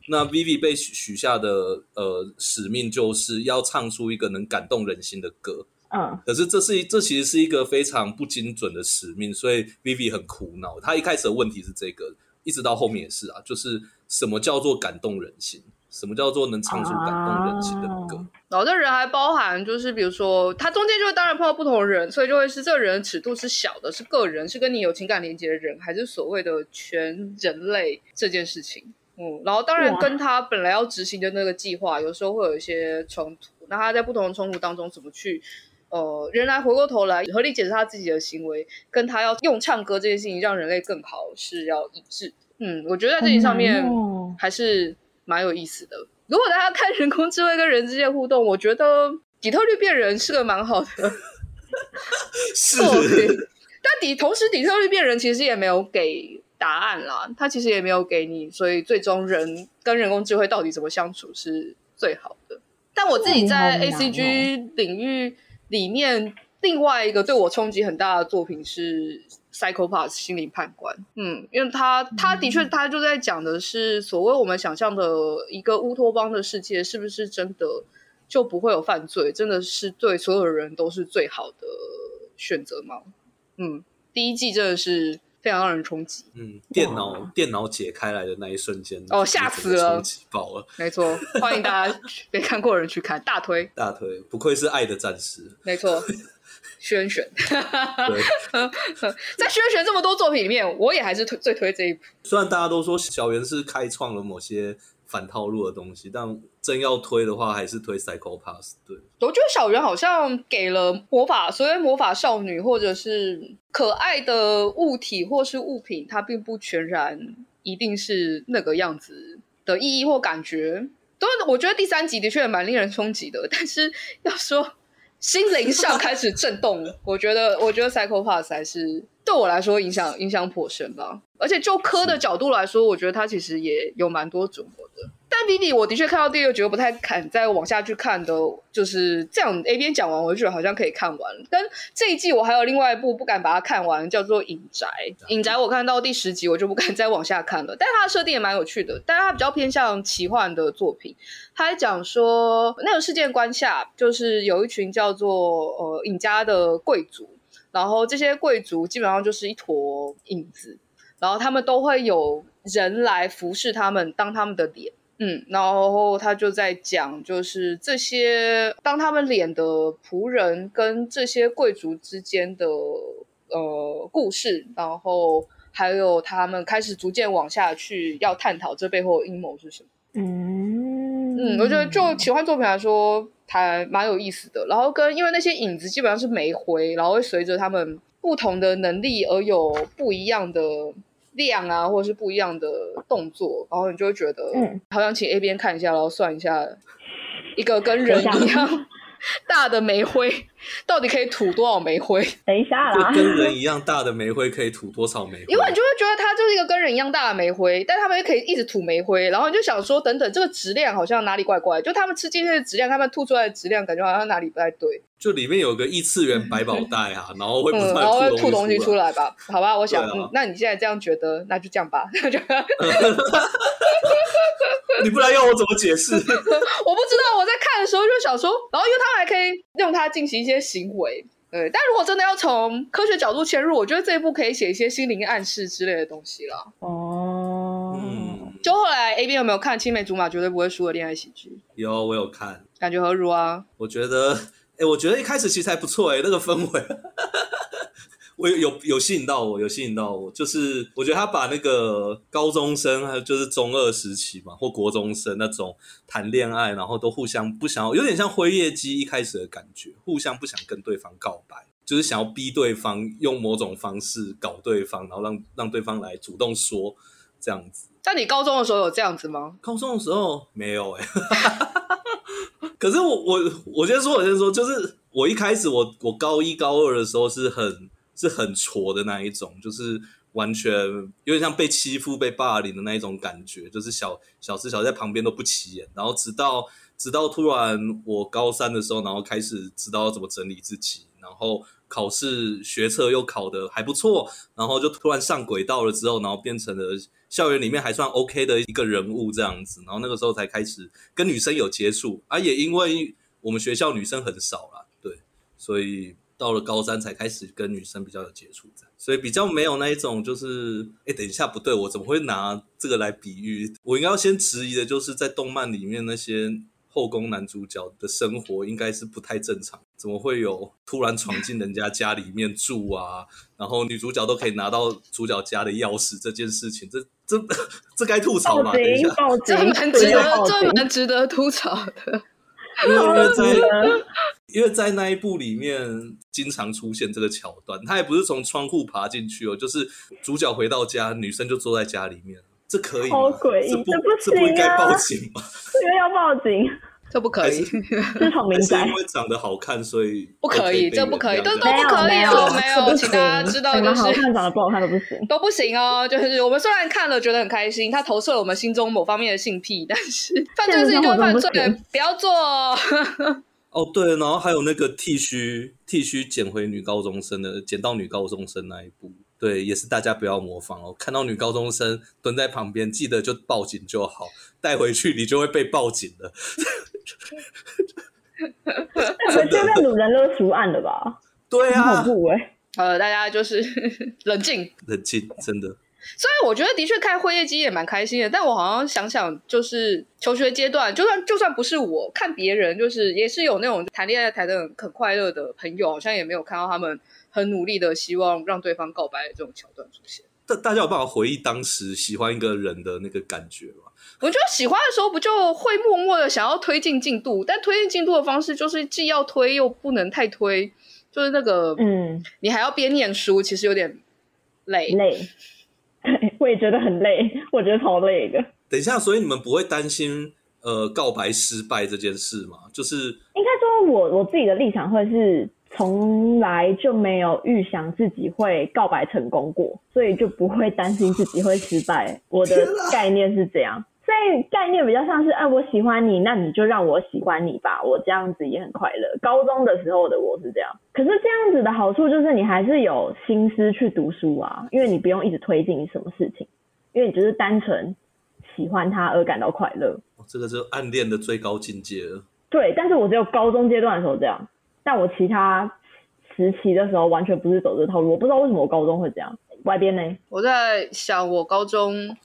那 Vivy 被許下的呃使命就是要唱出一個能感動人心的歌，嗯，可是這是一這其實是一個非常不精準的使命，所以 Vivy 很苦惱。他一開始的問題是這個，一直到後面也是啊，就是什麼叫做感動人心，什麼叫做能唱出感動人心的歌？然後、啊哦、這人還包含就是比如說他中間就會當然碰到不同人，所以就會是這個人的尺度是小的，是個人，是跟你有情感連接的人，還是所謂的全人類這件事情？嗯，然後當然跟他本來要執行的那個計劃，Wow. 有時候會有一些衝突。那他在不同的衝突當中，怎麼去呃，原來回過頭來合理解釋他自己的行為，跟他要用唱歌這件事情讓人類更好是要一致。嗯，我覺得在這一上面還是蠻有意思的。Oh. 如果大家看人工智慧跟人之間互動，我覺得底特律變人是個蠻好的， 是。Okay. 但底同時底特律變人其實也沒有給。答案啦，他其實也沒有給你，所以最終人跟人工智慧到底怎麼相處是最好的？但我自己在 A C G 領域裡面，另外一個對我衝擊很大的作品是《PSYCHO-PASS 心靈判官，嗯，因為他他的確他就在講的是，所謂我們想象的一個烏托邦的世界，是不是真的就不會有犯罪？真的是對所有人都是最好的選擇嗎？嗯，第一季真的是。非常讓人衝擊。嗯，電腦哇電腦解開來的那一瞬間，哦，嚇死了，衝擊爆了，沒錯，歡迎大家沒看過的人去看 大推大推，不愧是愛的戰士，沒錯，虛淵， 對 在虛淵這麼多作品裡面，我也還是最推這一部。雖然大家都說小圓是開創了某些。反套路的東西，但真要推的話，還是推 PSYCHO-PASS。對，我覺得小圓好像給了魔法，所謂魔法少女或者是可愛的物體或是物品，它並不全然一定是那個樣子的意義或感覺。都，我覺得第三集的確蠻令人衝擊的，但是要說。心靈上開始震動了， 我覺得，我覺得《PSYCHO-PASS》才是對我來說影響影響頗深吧。而且就科的角度來說，嗯、我覺得他其實也有蠻多琢磨的。但 Vivy，我的確看到第六集，不太敢再往下去看的，就是這樣。A 編講完，我就覺得好像可以看完了。但這一季我還有另外一部不敢把它看完，叫做《影宅》。《影宅》我看到第十集，我就不敢再往下看了。但它的設定也蠻有趣的，但它比較偏向奇幻的作品。它還講說那個世界觀下，就是有一群叫做呃影家的貴族，然後這些貴族基本上就是一坨影子，然後他們都會有人來服侍他們，當他們的臉。嗯，然後他就在講，就是這些當他們臉的僕人跟這些貴族之間的呃故事，然後還有他們開始逐漸往下去要探討這背後的陰謀是什麼。嗯嗯，我覺得就奇幻作品來說還蠻有意思的。然後跟因為那些影子基本上是煤灰，然後會隨着他們不同的能力而有不一樣的量啊，或者是不一樣的動作，然後你就會覺得，嗯，好想請 A 編看一下，然後算一下一個跟人一樣大的煤灰，到底可以吐多少煤灰？等一下啦，跟人一樣大的煤灰可以吐多少煤灰？ 因為你就會覺得它就是一個跟人一樣大的煤灰，但他們又可以一直吐煤灰，然後你就想說，等等，這個質量好像哪裡怪怪，就他們吃進去的質量，他們吐出來的質量，感覺好像哪裡不太對。就裡面有個異次元百寶袋啊，嗯、然後會不然來吐東西出來、嗯，然後會吐東西出來吧？好吧，我想、嗯，那你現在這樣覺得，那就這樣吧，那就。你不然要我怎麼解釋？ 我不知道，我在看的時候就想說，然後因為他們還可以用它進行。些行為對，但如果真的要從科學角度切入，我覺得這一部可以寫一些心靈暗示之類的東西啦。哦，嗯，就後來 A B 有沒有看《青梅竹馬絕對不會輸的戀愛喜劇》？有，我有看，感覺何如啊？我覺得、欸，我覺得一開始其實還不錯，哎，那個氛圍。 我有有有吸引到我，有吸引到我，就是我覺得他把那個高中生，還有就是中二時期嘛，或國中生那種談戀愛，然後都互相不想要，有點像《輝夜姬》一開始的感覺，互相不想跟對方告白，就是想要逼對方用某種方式搞對方，然後讓讓對方來主動說這樣子。那你高中的時候有這樣子嗎？高中的時候沒有哎，可是我我我先說，我先說，就是我一開始我我高一高二的時候是很。是很挫的那一種，就是完全有點像被欺負、被霸凌的那一種感覺，就是小小事、小事在旁邊都不起眼。然後直到直到突然我高三的時候，然後開始知道要怎麼整理自己，然後考試學測又考得還不錯，然後就突然上軌道了之後，然後變成了校園裡面還算 OK 的一個人物這樣子。然後那個時候才開始跟女生有接觸，啊，也因為我們學校女生很少啦，對，所以。到了高三才開始跟女生比較有接觸，所以比較沒有那一種就是，哎、欸，等一下不對，我怎麼會拿這個來比喻？我應該要先質疑的，就是在動漫裡面那些後宮男主角的生活應該是不太正常，怎麼會有突然闖進人家家裡面住啊？然後女主角都可以拿到主角家的鑰匙這件事情，這這這該吐槽嘛？等一下，這蠻值得，這蠻值得吐槽的。 因為在因為在那一部裡面經常出現這個橋段，他也不是從窗戶爬進去哦，就是主角回到家，女生就坐在家裡面，這可以嗎？什麼鬼，這不，這不行啊，這不應該報警嗎？因為要報警。這不可以，因為是 長得好看，所以不可以，不可以這不可以，這樣這樣這都不可以哦，沒有，請大家知道，就是長得好看長、長得不好看都不行，都不行哦。就是我們雖然看了覺得很開心，他投射了我們心中某方面的性癖，但是犯罪是應該犯的罪，不要做哦。 哦，對，然後還有那個剃鬚，剃鬚撿回女高中生的，撿到女高中生那一步，對，也是大家不要模仿哦。看到女高中生蹲在旁邊，記得就報警就好，帶回去你就會被報警了。 我們就面魯人是除案的吧？對啊，恐怖哎！呃，大家就是冷靜、冷靜，真的。雖然我覺得的確開輝夜姬也蠻開心的，但我好像想想，就是求學階段，就算就算不是我看別人，就是也是有那種談戀愛談的很快樂的朋友，好像也沒有看到他們很努力的希望讓對方告白的這種橋段出現。但大家有辦法回憶當時喜歡一個人的那個感覺嗎？我就喜歡的時候，不就會默默的想要推進進度？但推進進度的方式就是既要推又不能太推，就是那個嗯，你還要邊念書，其實有點累，累。 我也覺得很累，我覺得好累的。等一下，所以你們不會擔心呃告白失敗這件事嗎？就是應該說我，我我自己的立場會是從來就沒有預想自己會告白成功過，所以就不會擔心自己會失敗。 我的概念是這樣。在概念比較像是，哎、啊，我喜歡你，那你就讓我喜歡你吧，我這樣子也很快樂。高中的時候的我是這樣，可是這樣子的好處就是你還是有心思去讀書啊，因為你不用一直推進什麼事情，因為你就是單純喜歡他而感到快樂。哦，這個是暗戀的最高境界了。對，但是我只有高中階段的時候這樣，但我其他時期的時候完全不是走這套路。我不知道為什麼我高中會這樣。外邊呢？我在想我高中。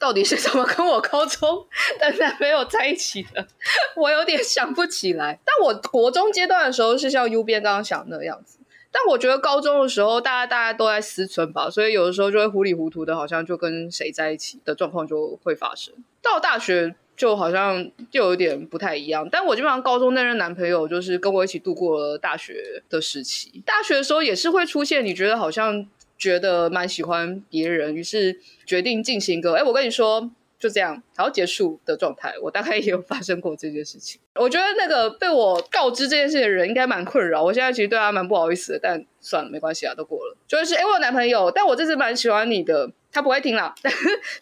到底是怎麼跟我高中但男沒有在一起的，我有點想不起來。但我國中階段的時候是像 u 邊剛剛想的那樣子，但我覺得高中的時候大家大家都在思春吧，所以有的時候就會糊裡糊塗的，好像就跟誰在一起的狀況就會發生。到大學就好像就有點不太一樣，但我基本上高中那任男朋友就是跟我一起度過了大學的時期。大學的時候也是會出現你覺得好像。覺得蠻喜歡別人，於是決定進行一個哎，我跟你說就這樣，然後結束的狀態。我大概也有發生過這件事情。我覺得那個被我告知這件事的人應該蠻困擾。我現在其實對他蠻不好意思的，但算了，沒關係啊，都過了。就、就是哎，我有男朋友，但我這次蠻喜歡你的，他不會聽啦。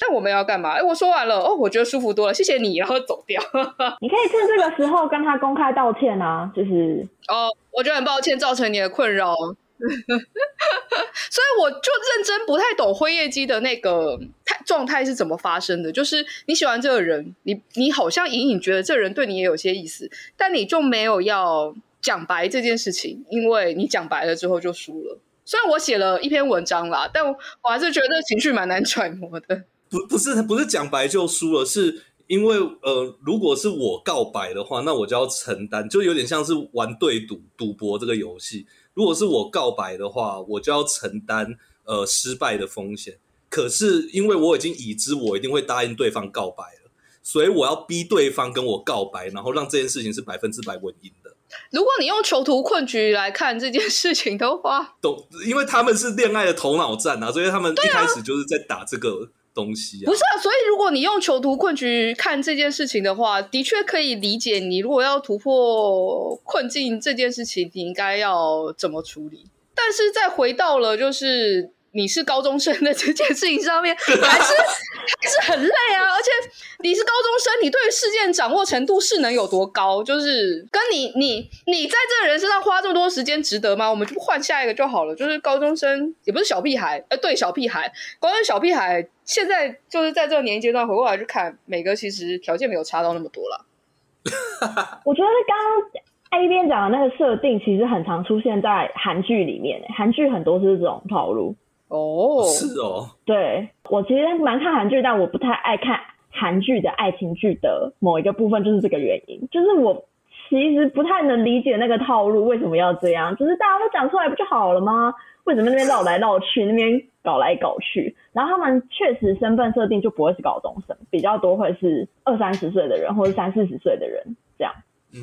但我們要幹嘛？哎，我說完了哦，我覺得舒服多了，謝謝你，然後走掉。呵呵。你可以趁這個時候跟他公開道歉啊，就是哦，我覺得很抱歉，造成你的困擾。 所以我就認真不太懂輝夜姬的那個態狀態是怎麼發生的。就是你喜歡這個人，你你好像隱隱覺得這個人對你也有些意思，但你就沒有要講白這件事情，因為你講白了之後就輸了。雖然我寫了一篇文章啦，但我還是覺得情緒蠻難揣摩的。不，不是不是講白就輸了，是因為呃，如果是我告白的話，那我就要承擔，就有點像是玩對賭賭博這個遊戲。如果是我告白的話，我就要承擔呃失敗的風險。可是因為我已經已知我一定會答應對方告白了，所以我要逼對方跟我告白，然後讓這件事情是百分之百穩贏的。如果你用囚徒困局來看這件事情的話，懂？因為他們是戀愛的頭腦戰啊，所以他們一開始就是在打這個。東西、啊、不是啊，所以如果你用囚徒困局看這件事情的話，的確可以理解。你如果要突破困境這件事情，你應該要怎麼處理？但是再回到了就是。你是高中生的這件事情上面， 還是還是很累啊？而且你是高中生，你對事件掌握程度是能有多高？就是跟你你你在這個人身上花這麼多時間值得嗎？我們就不換下一個就好了。就是高中生也不是小屁孩，呃對，小屁孩，關於小屁孩，現在就是在這個年齡階段回過來去看，每個其實條件沒有差到那麼多了。 我覺得剛剛 A 編講的那個設定，其實很常出現在韓劇裡面。韓劇很多是這種套路。哦，oh, 是哦，對，我其實蠻看韓劇，但我不太愛看韓劇的愛情劇的某一個部分，就是這個原因，就是我其實不太能理解那個套路為什麼要這樣，就是大家都講出來不就好了嗎？為什麼那邊繞來繞去，那邊搞來搞去？然後他們確實身份設定就不會是高中生，比較多會是二三十歲的人或者三四十歲的人這樣。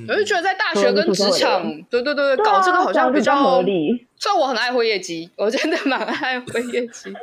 我就、嗯、覺得在大學跟職場，對、嗯、對對對，搞這個好像比較合理。雖然我很愛輝夜姬，我真的蠻愛輝夜姬，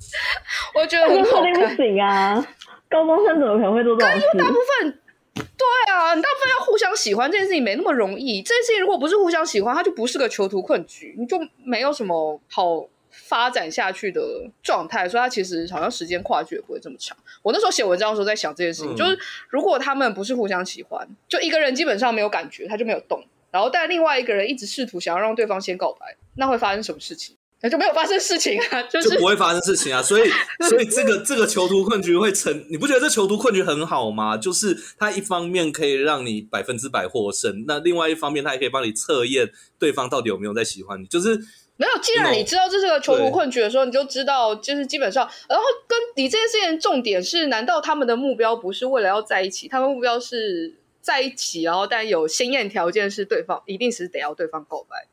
我覺得很好看。好看 高中生怎麼可能會做這種？因為大部分，對啊，你大部分要互相喜歡這件事情沒那麼容易。這件事情如果不是互相喜歡，它就不是個囚徒困局，你就沒有什麼好。發展下去的狀態，所以他其實好像時間跨距也不會這麼長。我那時候寫文章的時候在想這件事情，嗯、就是如果他們不是互相喜歡，就一個人基本上沒有感覺，他就沒有動，然後但另外一個人一直試圖想要讓對方先告白，那會發生什麼事情？那、欸、就沒有發生事情啊，就是就不會發生事情啊。所以，所以這個這個囚徒困局會成， 你不覺得這囚徒困局很好嗎？就是他一方面可以讓你百分之百獲勝，那另外一方面他也可以幫你測驗對方到底有沒有在喜歡你，就是。沒有，既然你知道這是個囚徒困局的時候，no, 對你就知道就是基本上，然後跟你這件事情重點是，難道他們的目標不是為了要在一起？他們目標是在一起，然後但有先驗條件是對方一定是得要對方告白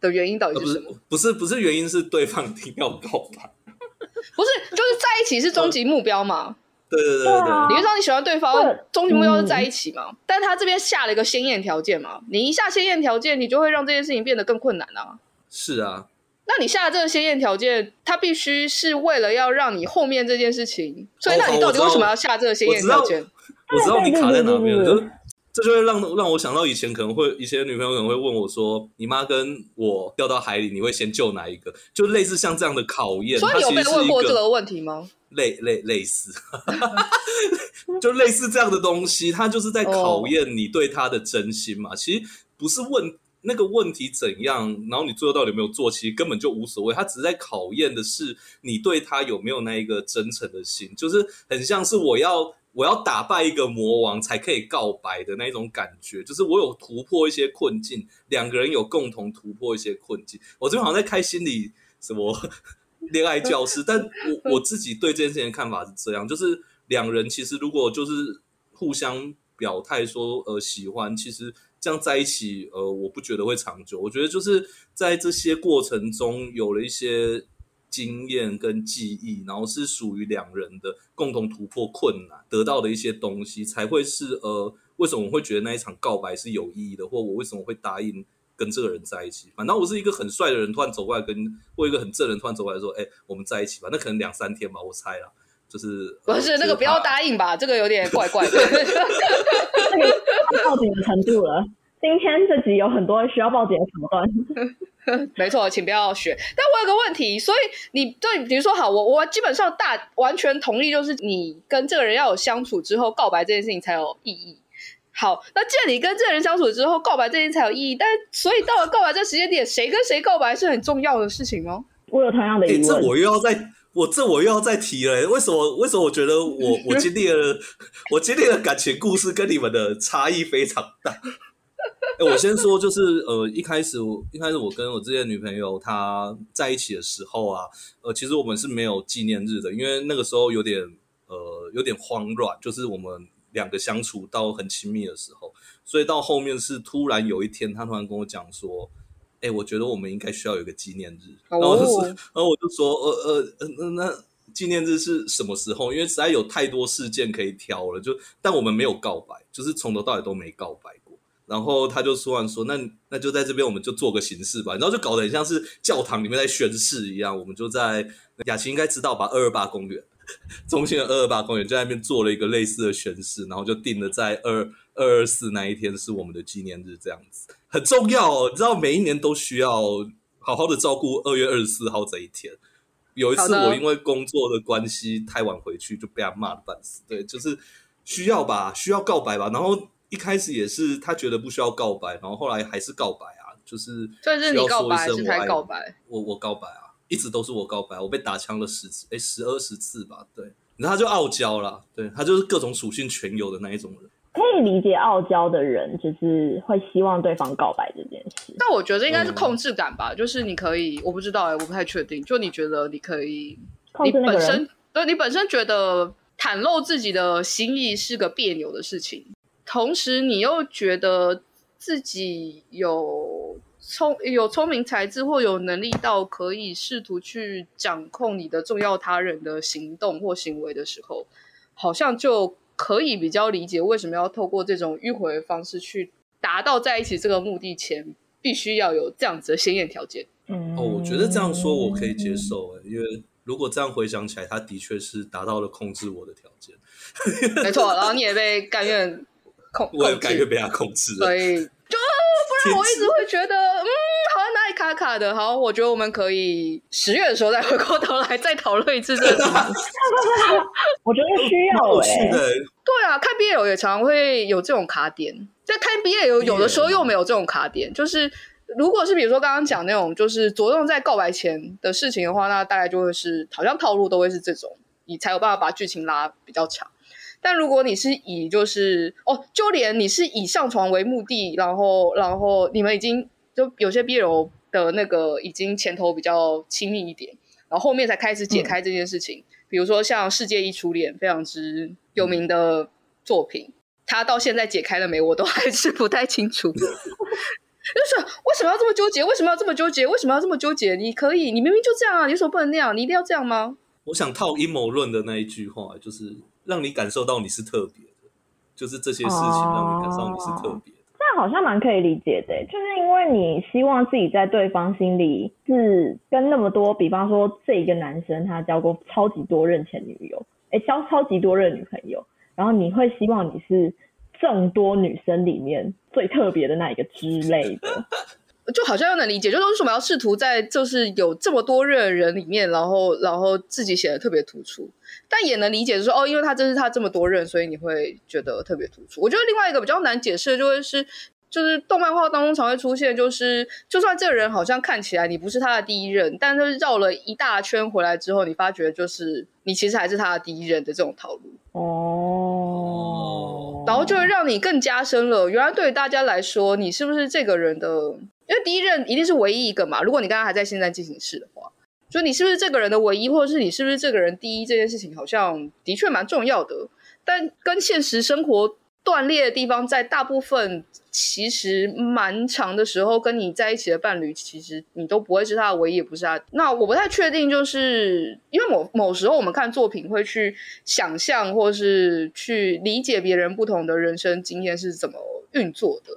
的原因到底是什麼？呃、不，是不是，不是原因，是對方一定要告白， 不是就是在一起是終極目標嘛？呃、對，對對對對，理論上你喜歡對方，對終極目標是在一起嘛？嗯、但他這邊下了一個先驗條件嘛？你一下先驗條件，你就會讓這件事情變得更困難啊。是啊，那你下這個先驗條件，他必須是為了要讓你後面這件事情。好，所以，那你到底為什麼要下這個先驗條件？我知道，我知道你卡在哪邊了，就這就會讓讓我想到以前可能會，以前女朋友可能會問我說：“你媽跟我掉到海裡，你會先救哪一個？”就類似像這樣的考驗。所以你有被問過這個問題嗎？類類類似，就類似這樣的東西，他就是在考驗你對她的真心嘛。Oh. 其實不是問。那個問題怎樣？然後你最後到底有沒有做？其實根本就無所謂。他只是在考驗的是你對他有沒有那一個真誠的心，就是很像是我要我要打敗一個魔王才可以告白的那種感覺。就是我有突破一些困境，兩個人有共同突破一些困境。我這邊好像在開心理什麼戀愛教室， 但我我自己對這件事情的看法是這樣，就是兩人其實如果就是互相表態說呃喜歡，其實。這樣在一起，呃，我不覺得會長久。我覺得就是在這些過程中，有了一些經驗跟記憶，然後是屬於兩人的共同突破困難得到的一些東西，才會是呃，為什麼我會覺得那一場告白是有意義的，或我為什麼會答應跟這個人在一起？反正我是一個很帥的人，突然走過來跟或一個很正的人突然走過來說，哎、欸，我們在一起吧，那可能兩三天吧，我猜啦。就是不是、呃、那個不要答應吧， 這個有點怪怪的，這個報警的程度了。今天這集有很多需要報警的手段，沒錯，請不要學，但我有個問題，所以你對比如說好，我我基本上大完全同意，就是你跟這個人要有相處之後，告白這件事情才有意義。好，那既然你跟這個人相處之後，告白這件事才有意義，但所以到了告白這時間點，誰 跟誰告白是很重要的事情嗎？我有同樣的疑問、欸、我又要在。我這我又要再提了，為什麼？為什麼我覺得我我經歷了 我經歷了感情故事跟你們的差異非常大？欸，我先說就是呃，一開始我一開始我跟我之前女朋友她在一起的時候啊，呃，其實我們是沒有紀念日的，因為那個時候有點呃有點慌亂，就是我們兩個相處到很親密的時候，所以到後面是突然有一天她突然跟我講說。哎、欸，我覺得我們應該需要有個紀念日，oh. 然後就是，然後我就說，呃呃，那、呃呃、那紀念日是什麼時候？因為實在有太多事件可以挑了，就但我們沒有告白，就是從頭到尾都沒告白過。然後他就突然說，那那就在這邊我們就做個形式吧，然後就搞得很像是教堂裡面在宣誓一樣。我們就在雅琴應該知道吧，二二八公園中心的二二八公園，在那邊做了一個類似的宣誓，然後就定了在二二二四那一天是我們的紀念日，這樣子。很重要，哦，你知道，每一年都需要好好的照顧二月二十四號這一天。有一次我因為工作的關係太晚回去，就被他罵了半死。對，就是需要吧，需要告白吧。然後一開始也是他覺得不需要告白，然後後來還是告白啊，就是算是你告白，是他告白。我我告白啊，一直都是我告白，我被打槍了十次，哎、欸，十二十次吧。對，然後他就傲嬌啦，對，他就是各種屬性全有的那一種人。可以理解傲嬌的人就是會希望對方告白這件事，但我覺得應該是控制感吧，嗯、就是你可以，我不知道哎、欸，我不太確定。就你覺得你可以，控制你本身對你本身覺得袒露自己的心意是個彆扭的事情，同時你又覺得自己有聰有聰明才智或有能力到可以試圖去掌控你的重要他人的行動或行為的時候，好像就。可以比較理解為什麼要透過這種迂回的方式去達到在一起這個目的前，必須要有這樣子的先驗條件、嗯。哦，我覺得這樣說我可以接受、欸，因為如果這樣回想起來，他的確是達到了控制我的條件。 沒錯，然後你也被甘願控，控我也甘願被他控制了所以，就、啊、不然我一直會覺得嗯。打卡的好，我覺得我們可以十月的時候再回過頭來 再討論一次這個 我覺得需要哎、欸，對啊，看 BL 也常會有這種卡點，在看 BL 有的時候又沒有這種卡點。Yeah. 就是如果是比如說剛剛講那種，就是着重在告白前的事情的話，那大概就會是好像套路都會是這種，你才有辦法把劇情拉比較強。但如果你是以就是哦，就連你是以上床為目的，然後然後你們已經就有些 BL，的那個已經前頭比較親密一點，然後後面才開始解開這件事情。嗯、比如說像《世界一初戀》非常之有名的作品，他、嗯、到現在解開了沒，我都還是不太清楚。 就是為什麼要這麼糾結？為什麼要這麼糾結？為什麼要這麼糾結？你可以，你明明就這樣啊，你為什麼不能那樣？你一定要這樣嗎？我想套陰謀論的那一句話，就是讓你感受到你是特別的，就是這些事情讓你感受到你是特別的。啊那好像蠻可以理解的。欸，就是因為你希望自己在對方心裡是跟那麼多，比方說這一個男生他交過超級多任前女友，誒、欸，交超級多任女朋友，然後你會希望你是眾多女生裡面最特別的那一個之類的。就好像又能理解，就是為什麼要試圖在就是有這麼多任人裡面，然後然後自己顯得特別突出，但也能理解，就是說哦，因為他真是他這麼多任，所以你會覺得特別突出。我覺得另外一個比較難解釋的，就會是就是動漫畫當中常會出現，就是就算這個人好像看起來你不是他的第一任，但是繞了一大圈回來之後，你發覺就是你其實還是他的第一任的這種套路哦、Oh. 嗯，然後就會讓你更加深了，原來對於大家來說，你是不是這個人的。因為第一任一定是唯一一個嘛，如果你剛剛還在現在進行式的話，就你是不是這個人的唯一，或者是你是不是這個人第一這件事情，好像的確蠻重要的。但跟現實生活斷裂的地方，在大部分其實蠻長的時候，跟你在一起的伴侶，其實你都不會是他的唯一，也不是他。那我不太確定，就是因為某某時候我們看作品會去想象，或是去理解別人不同的人生經驗是怎麼運作的。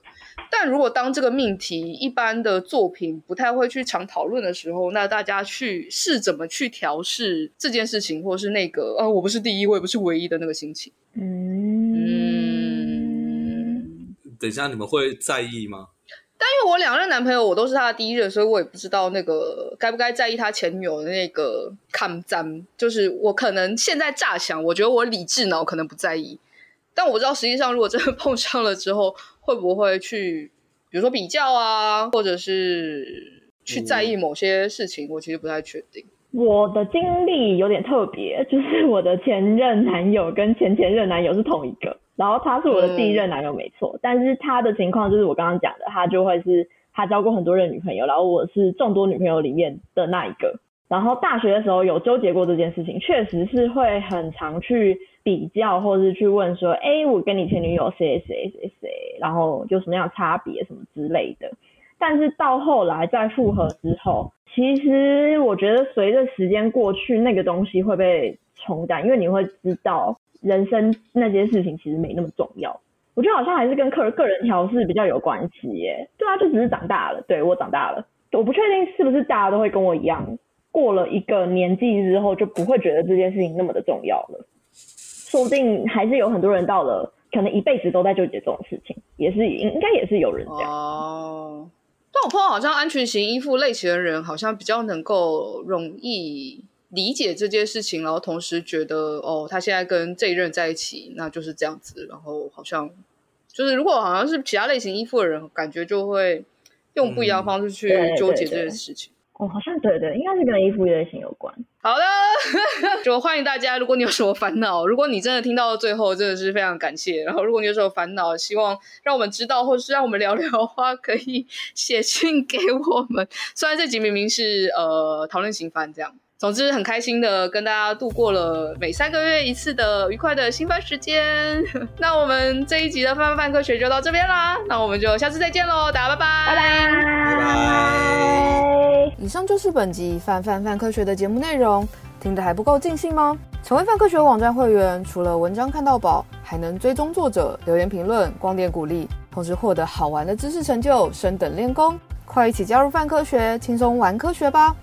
但如果當這個命題一般的作品不太會去常討論的時候，那大家去是怎麼去調試這件事情，或是那個呃，我不是第一位，我也不是唯一的那個心情。嗯，嗯，等一下你們會在意嗎？但因為我兩任男朋友我都是他的第一任，所以我也不知道那個該不該在意他前女友的那個抗戰。就是我可能現在乍想，我覺得我理智腦可能不在意。但我知道實際上，如果真的碰上了之後。會不會去，比如說比較啊，或者是去在意某些事情？嗯，我其實不太確定。我的經歷有點特別，就是我的前任男友跟前前任男友是同一個，然後他是我的第一任男友沒錯，對但是他的情況就是我剛剛講的，他就會是他交過很多任女朋友，然後我是眾多女朋友裡面的那一個。然後大學的時候有糾結過這件事情，確實是會很常去比較，或是去問說，哎、欸，我跟你前女友誰誰誰誰誰，然後就什麼樣的差別什麼之類的。但是到後來再復合之後，其實我覺得隨着時間過去，那個東西會被沖淡，因為你會知道人生那些事情其實沒那麼重要。我覺得好像還是跟個人個人調試比較有關係耶。對啊，就只是長大了。對，我長大了，我不確定是不是大家都會跟我一樣。過了一個年紀之後，就不會覺得這件事情那麼的重要了。說不定還是有很多人到了，可能一輩子都在糾結這種事情，也是應應該也是有人這樣哦、呃。但我朋友好像安全型依附類型的人，好像比較能夠容易理解這件事情，然後同時覺得哦，他現在跟這一任在一起，那就是這樣子。然後好像就是如果好像是其他類型依附的人，感覺就會用不一樣的方式去糾結這件事情。嗯對對對哦，oh, 好像對對，應該是跟依附類型有關。好的，就 歡迎大家。如果你有什麼煩惱，如果你真的聽到最後，真的是非常感謝。然後如果你有什麼煩惱，希望讓我們知道，或是讓我們聊聊的話，可以寫信給我們。雖然這集明明是呃討論新番這樣。總之，很開心的跟大家度過了每三個月一次的愉快的新番時間。 那我們這一集的《泛泛泛科學》就到這邊啦，那我們就下次再見嘍，大家拜拜！拜拜！以上就是本集《泛泛泛科學》的節目內容，聽得還不夠盡興嗎？成為泛科學網站會員，除了文章看到飽，還能追蹤作者、留言評論、光點鼓勵，同時獲得好玩的知識成就、升等練功。快一起加入泛科學，輕鬆玩科學吧！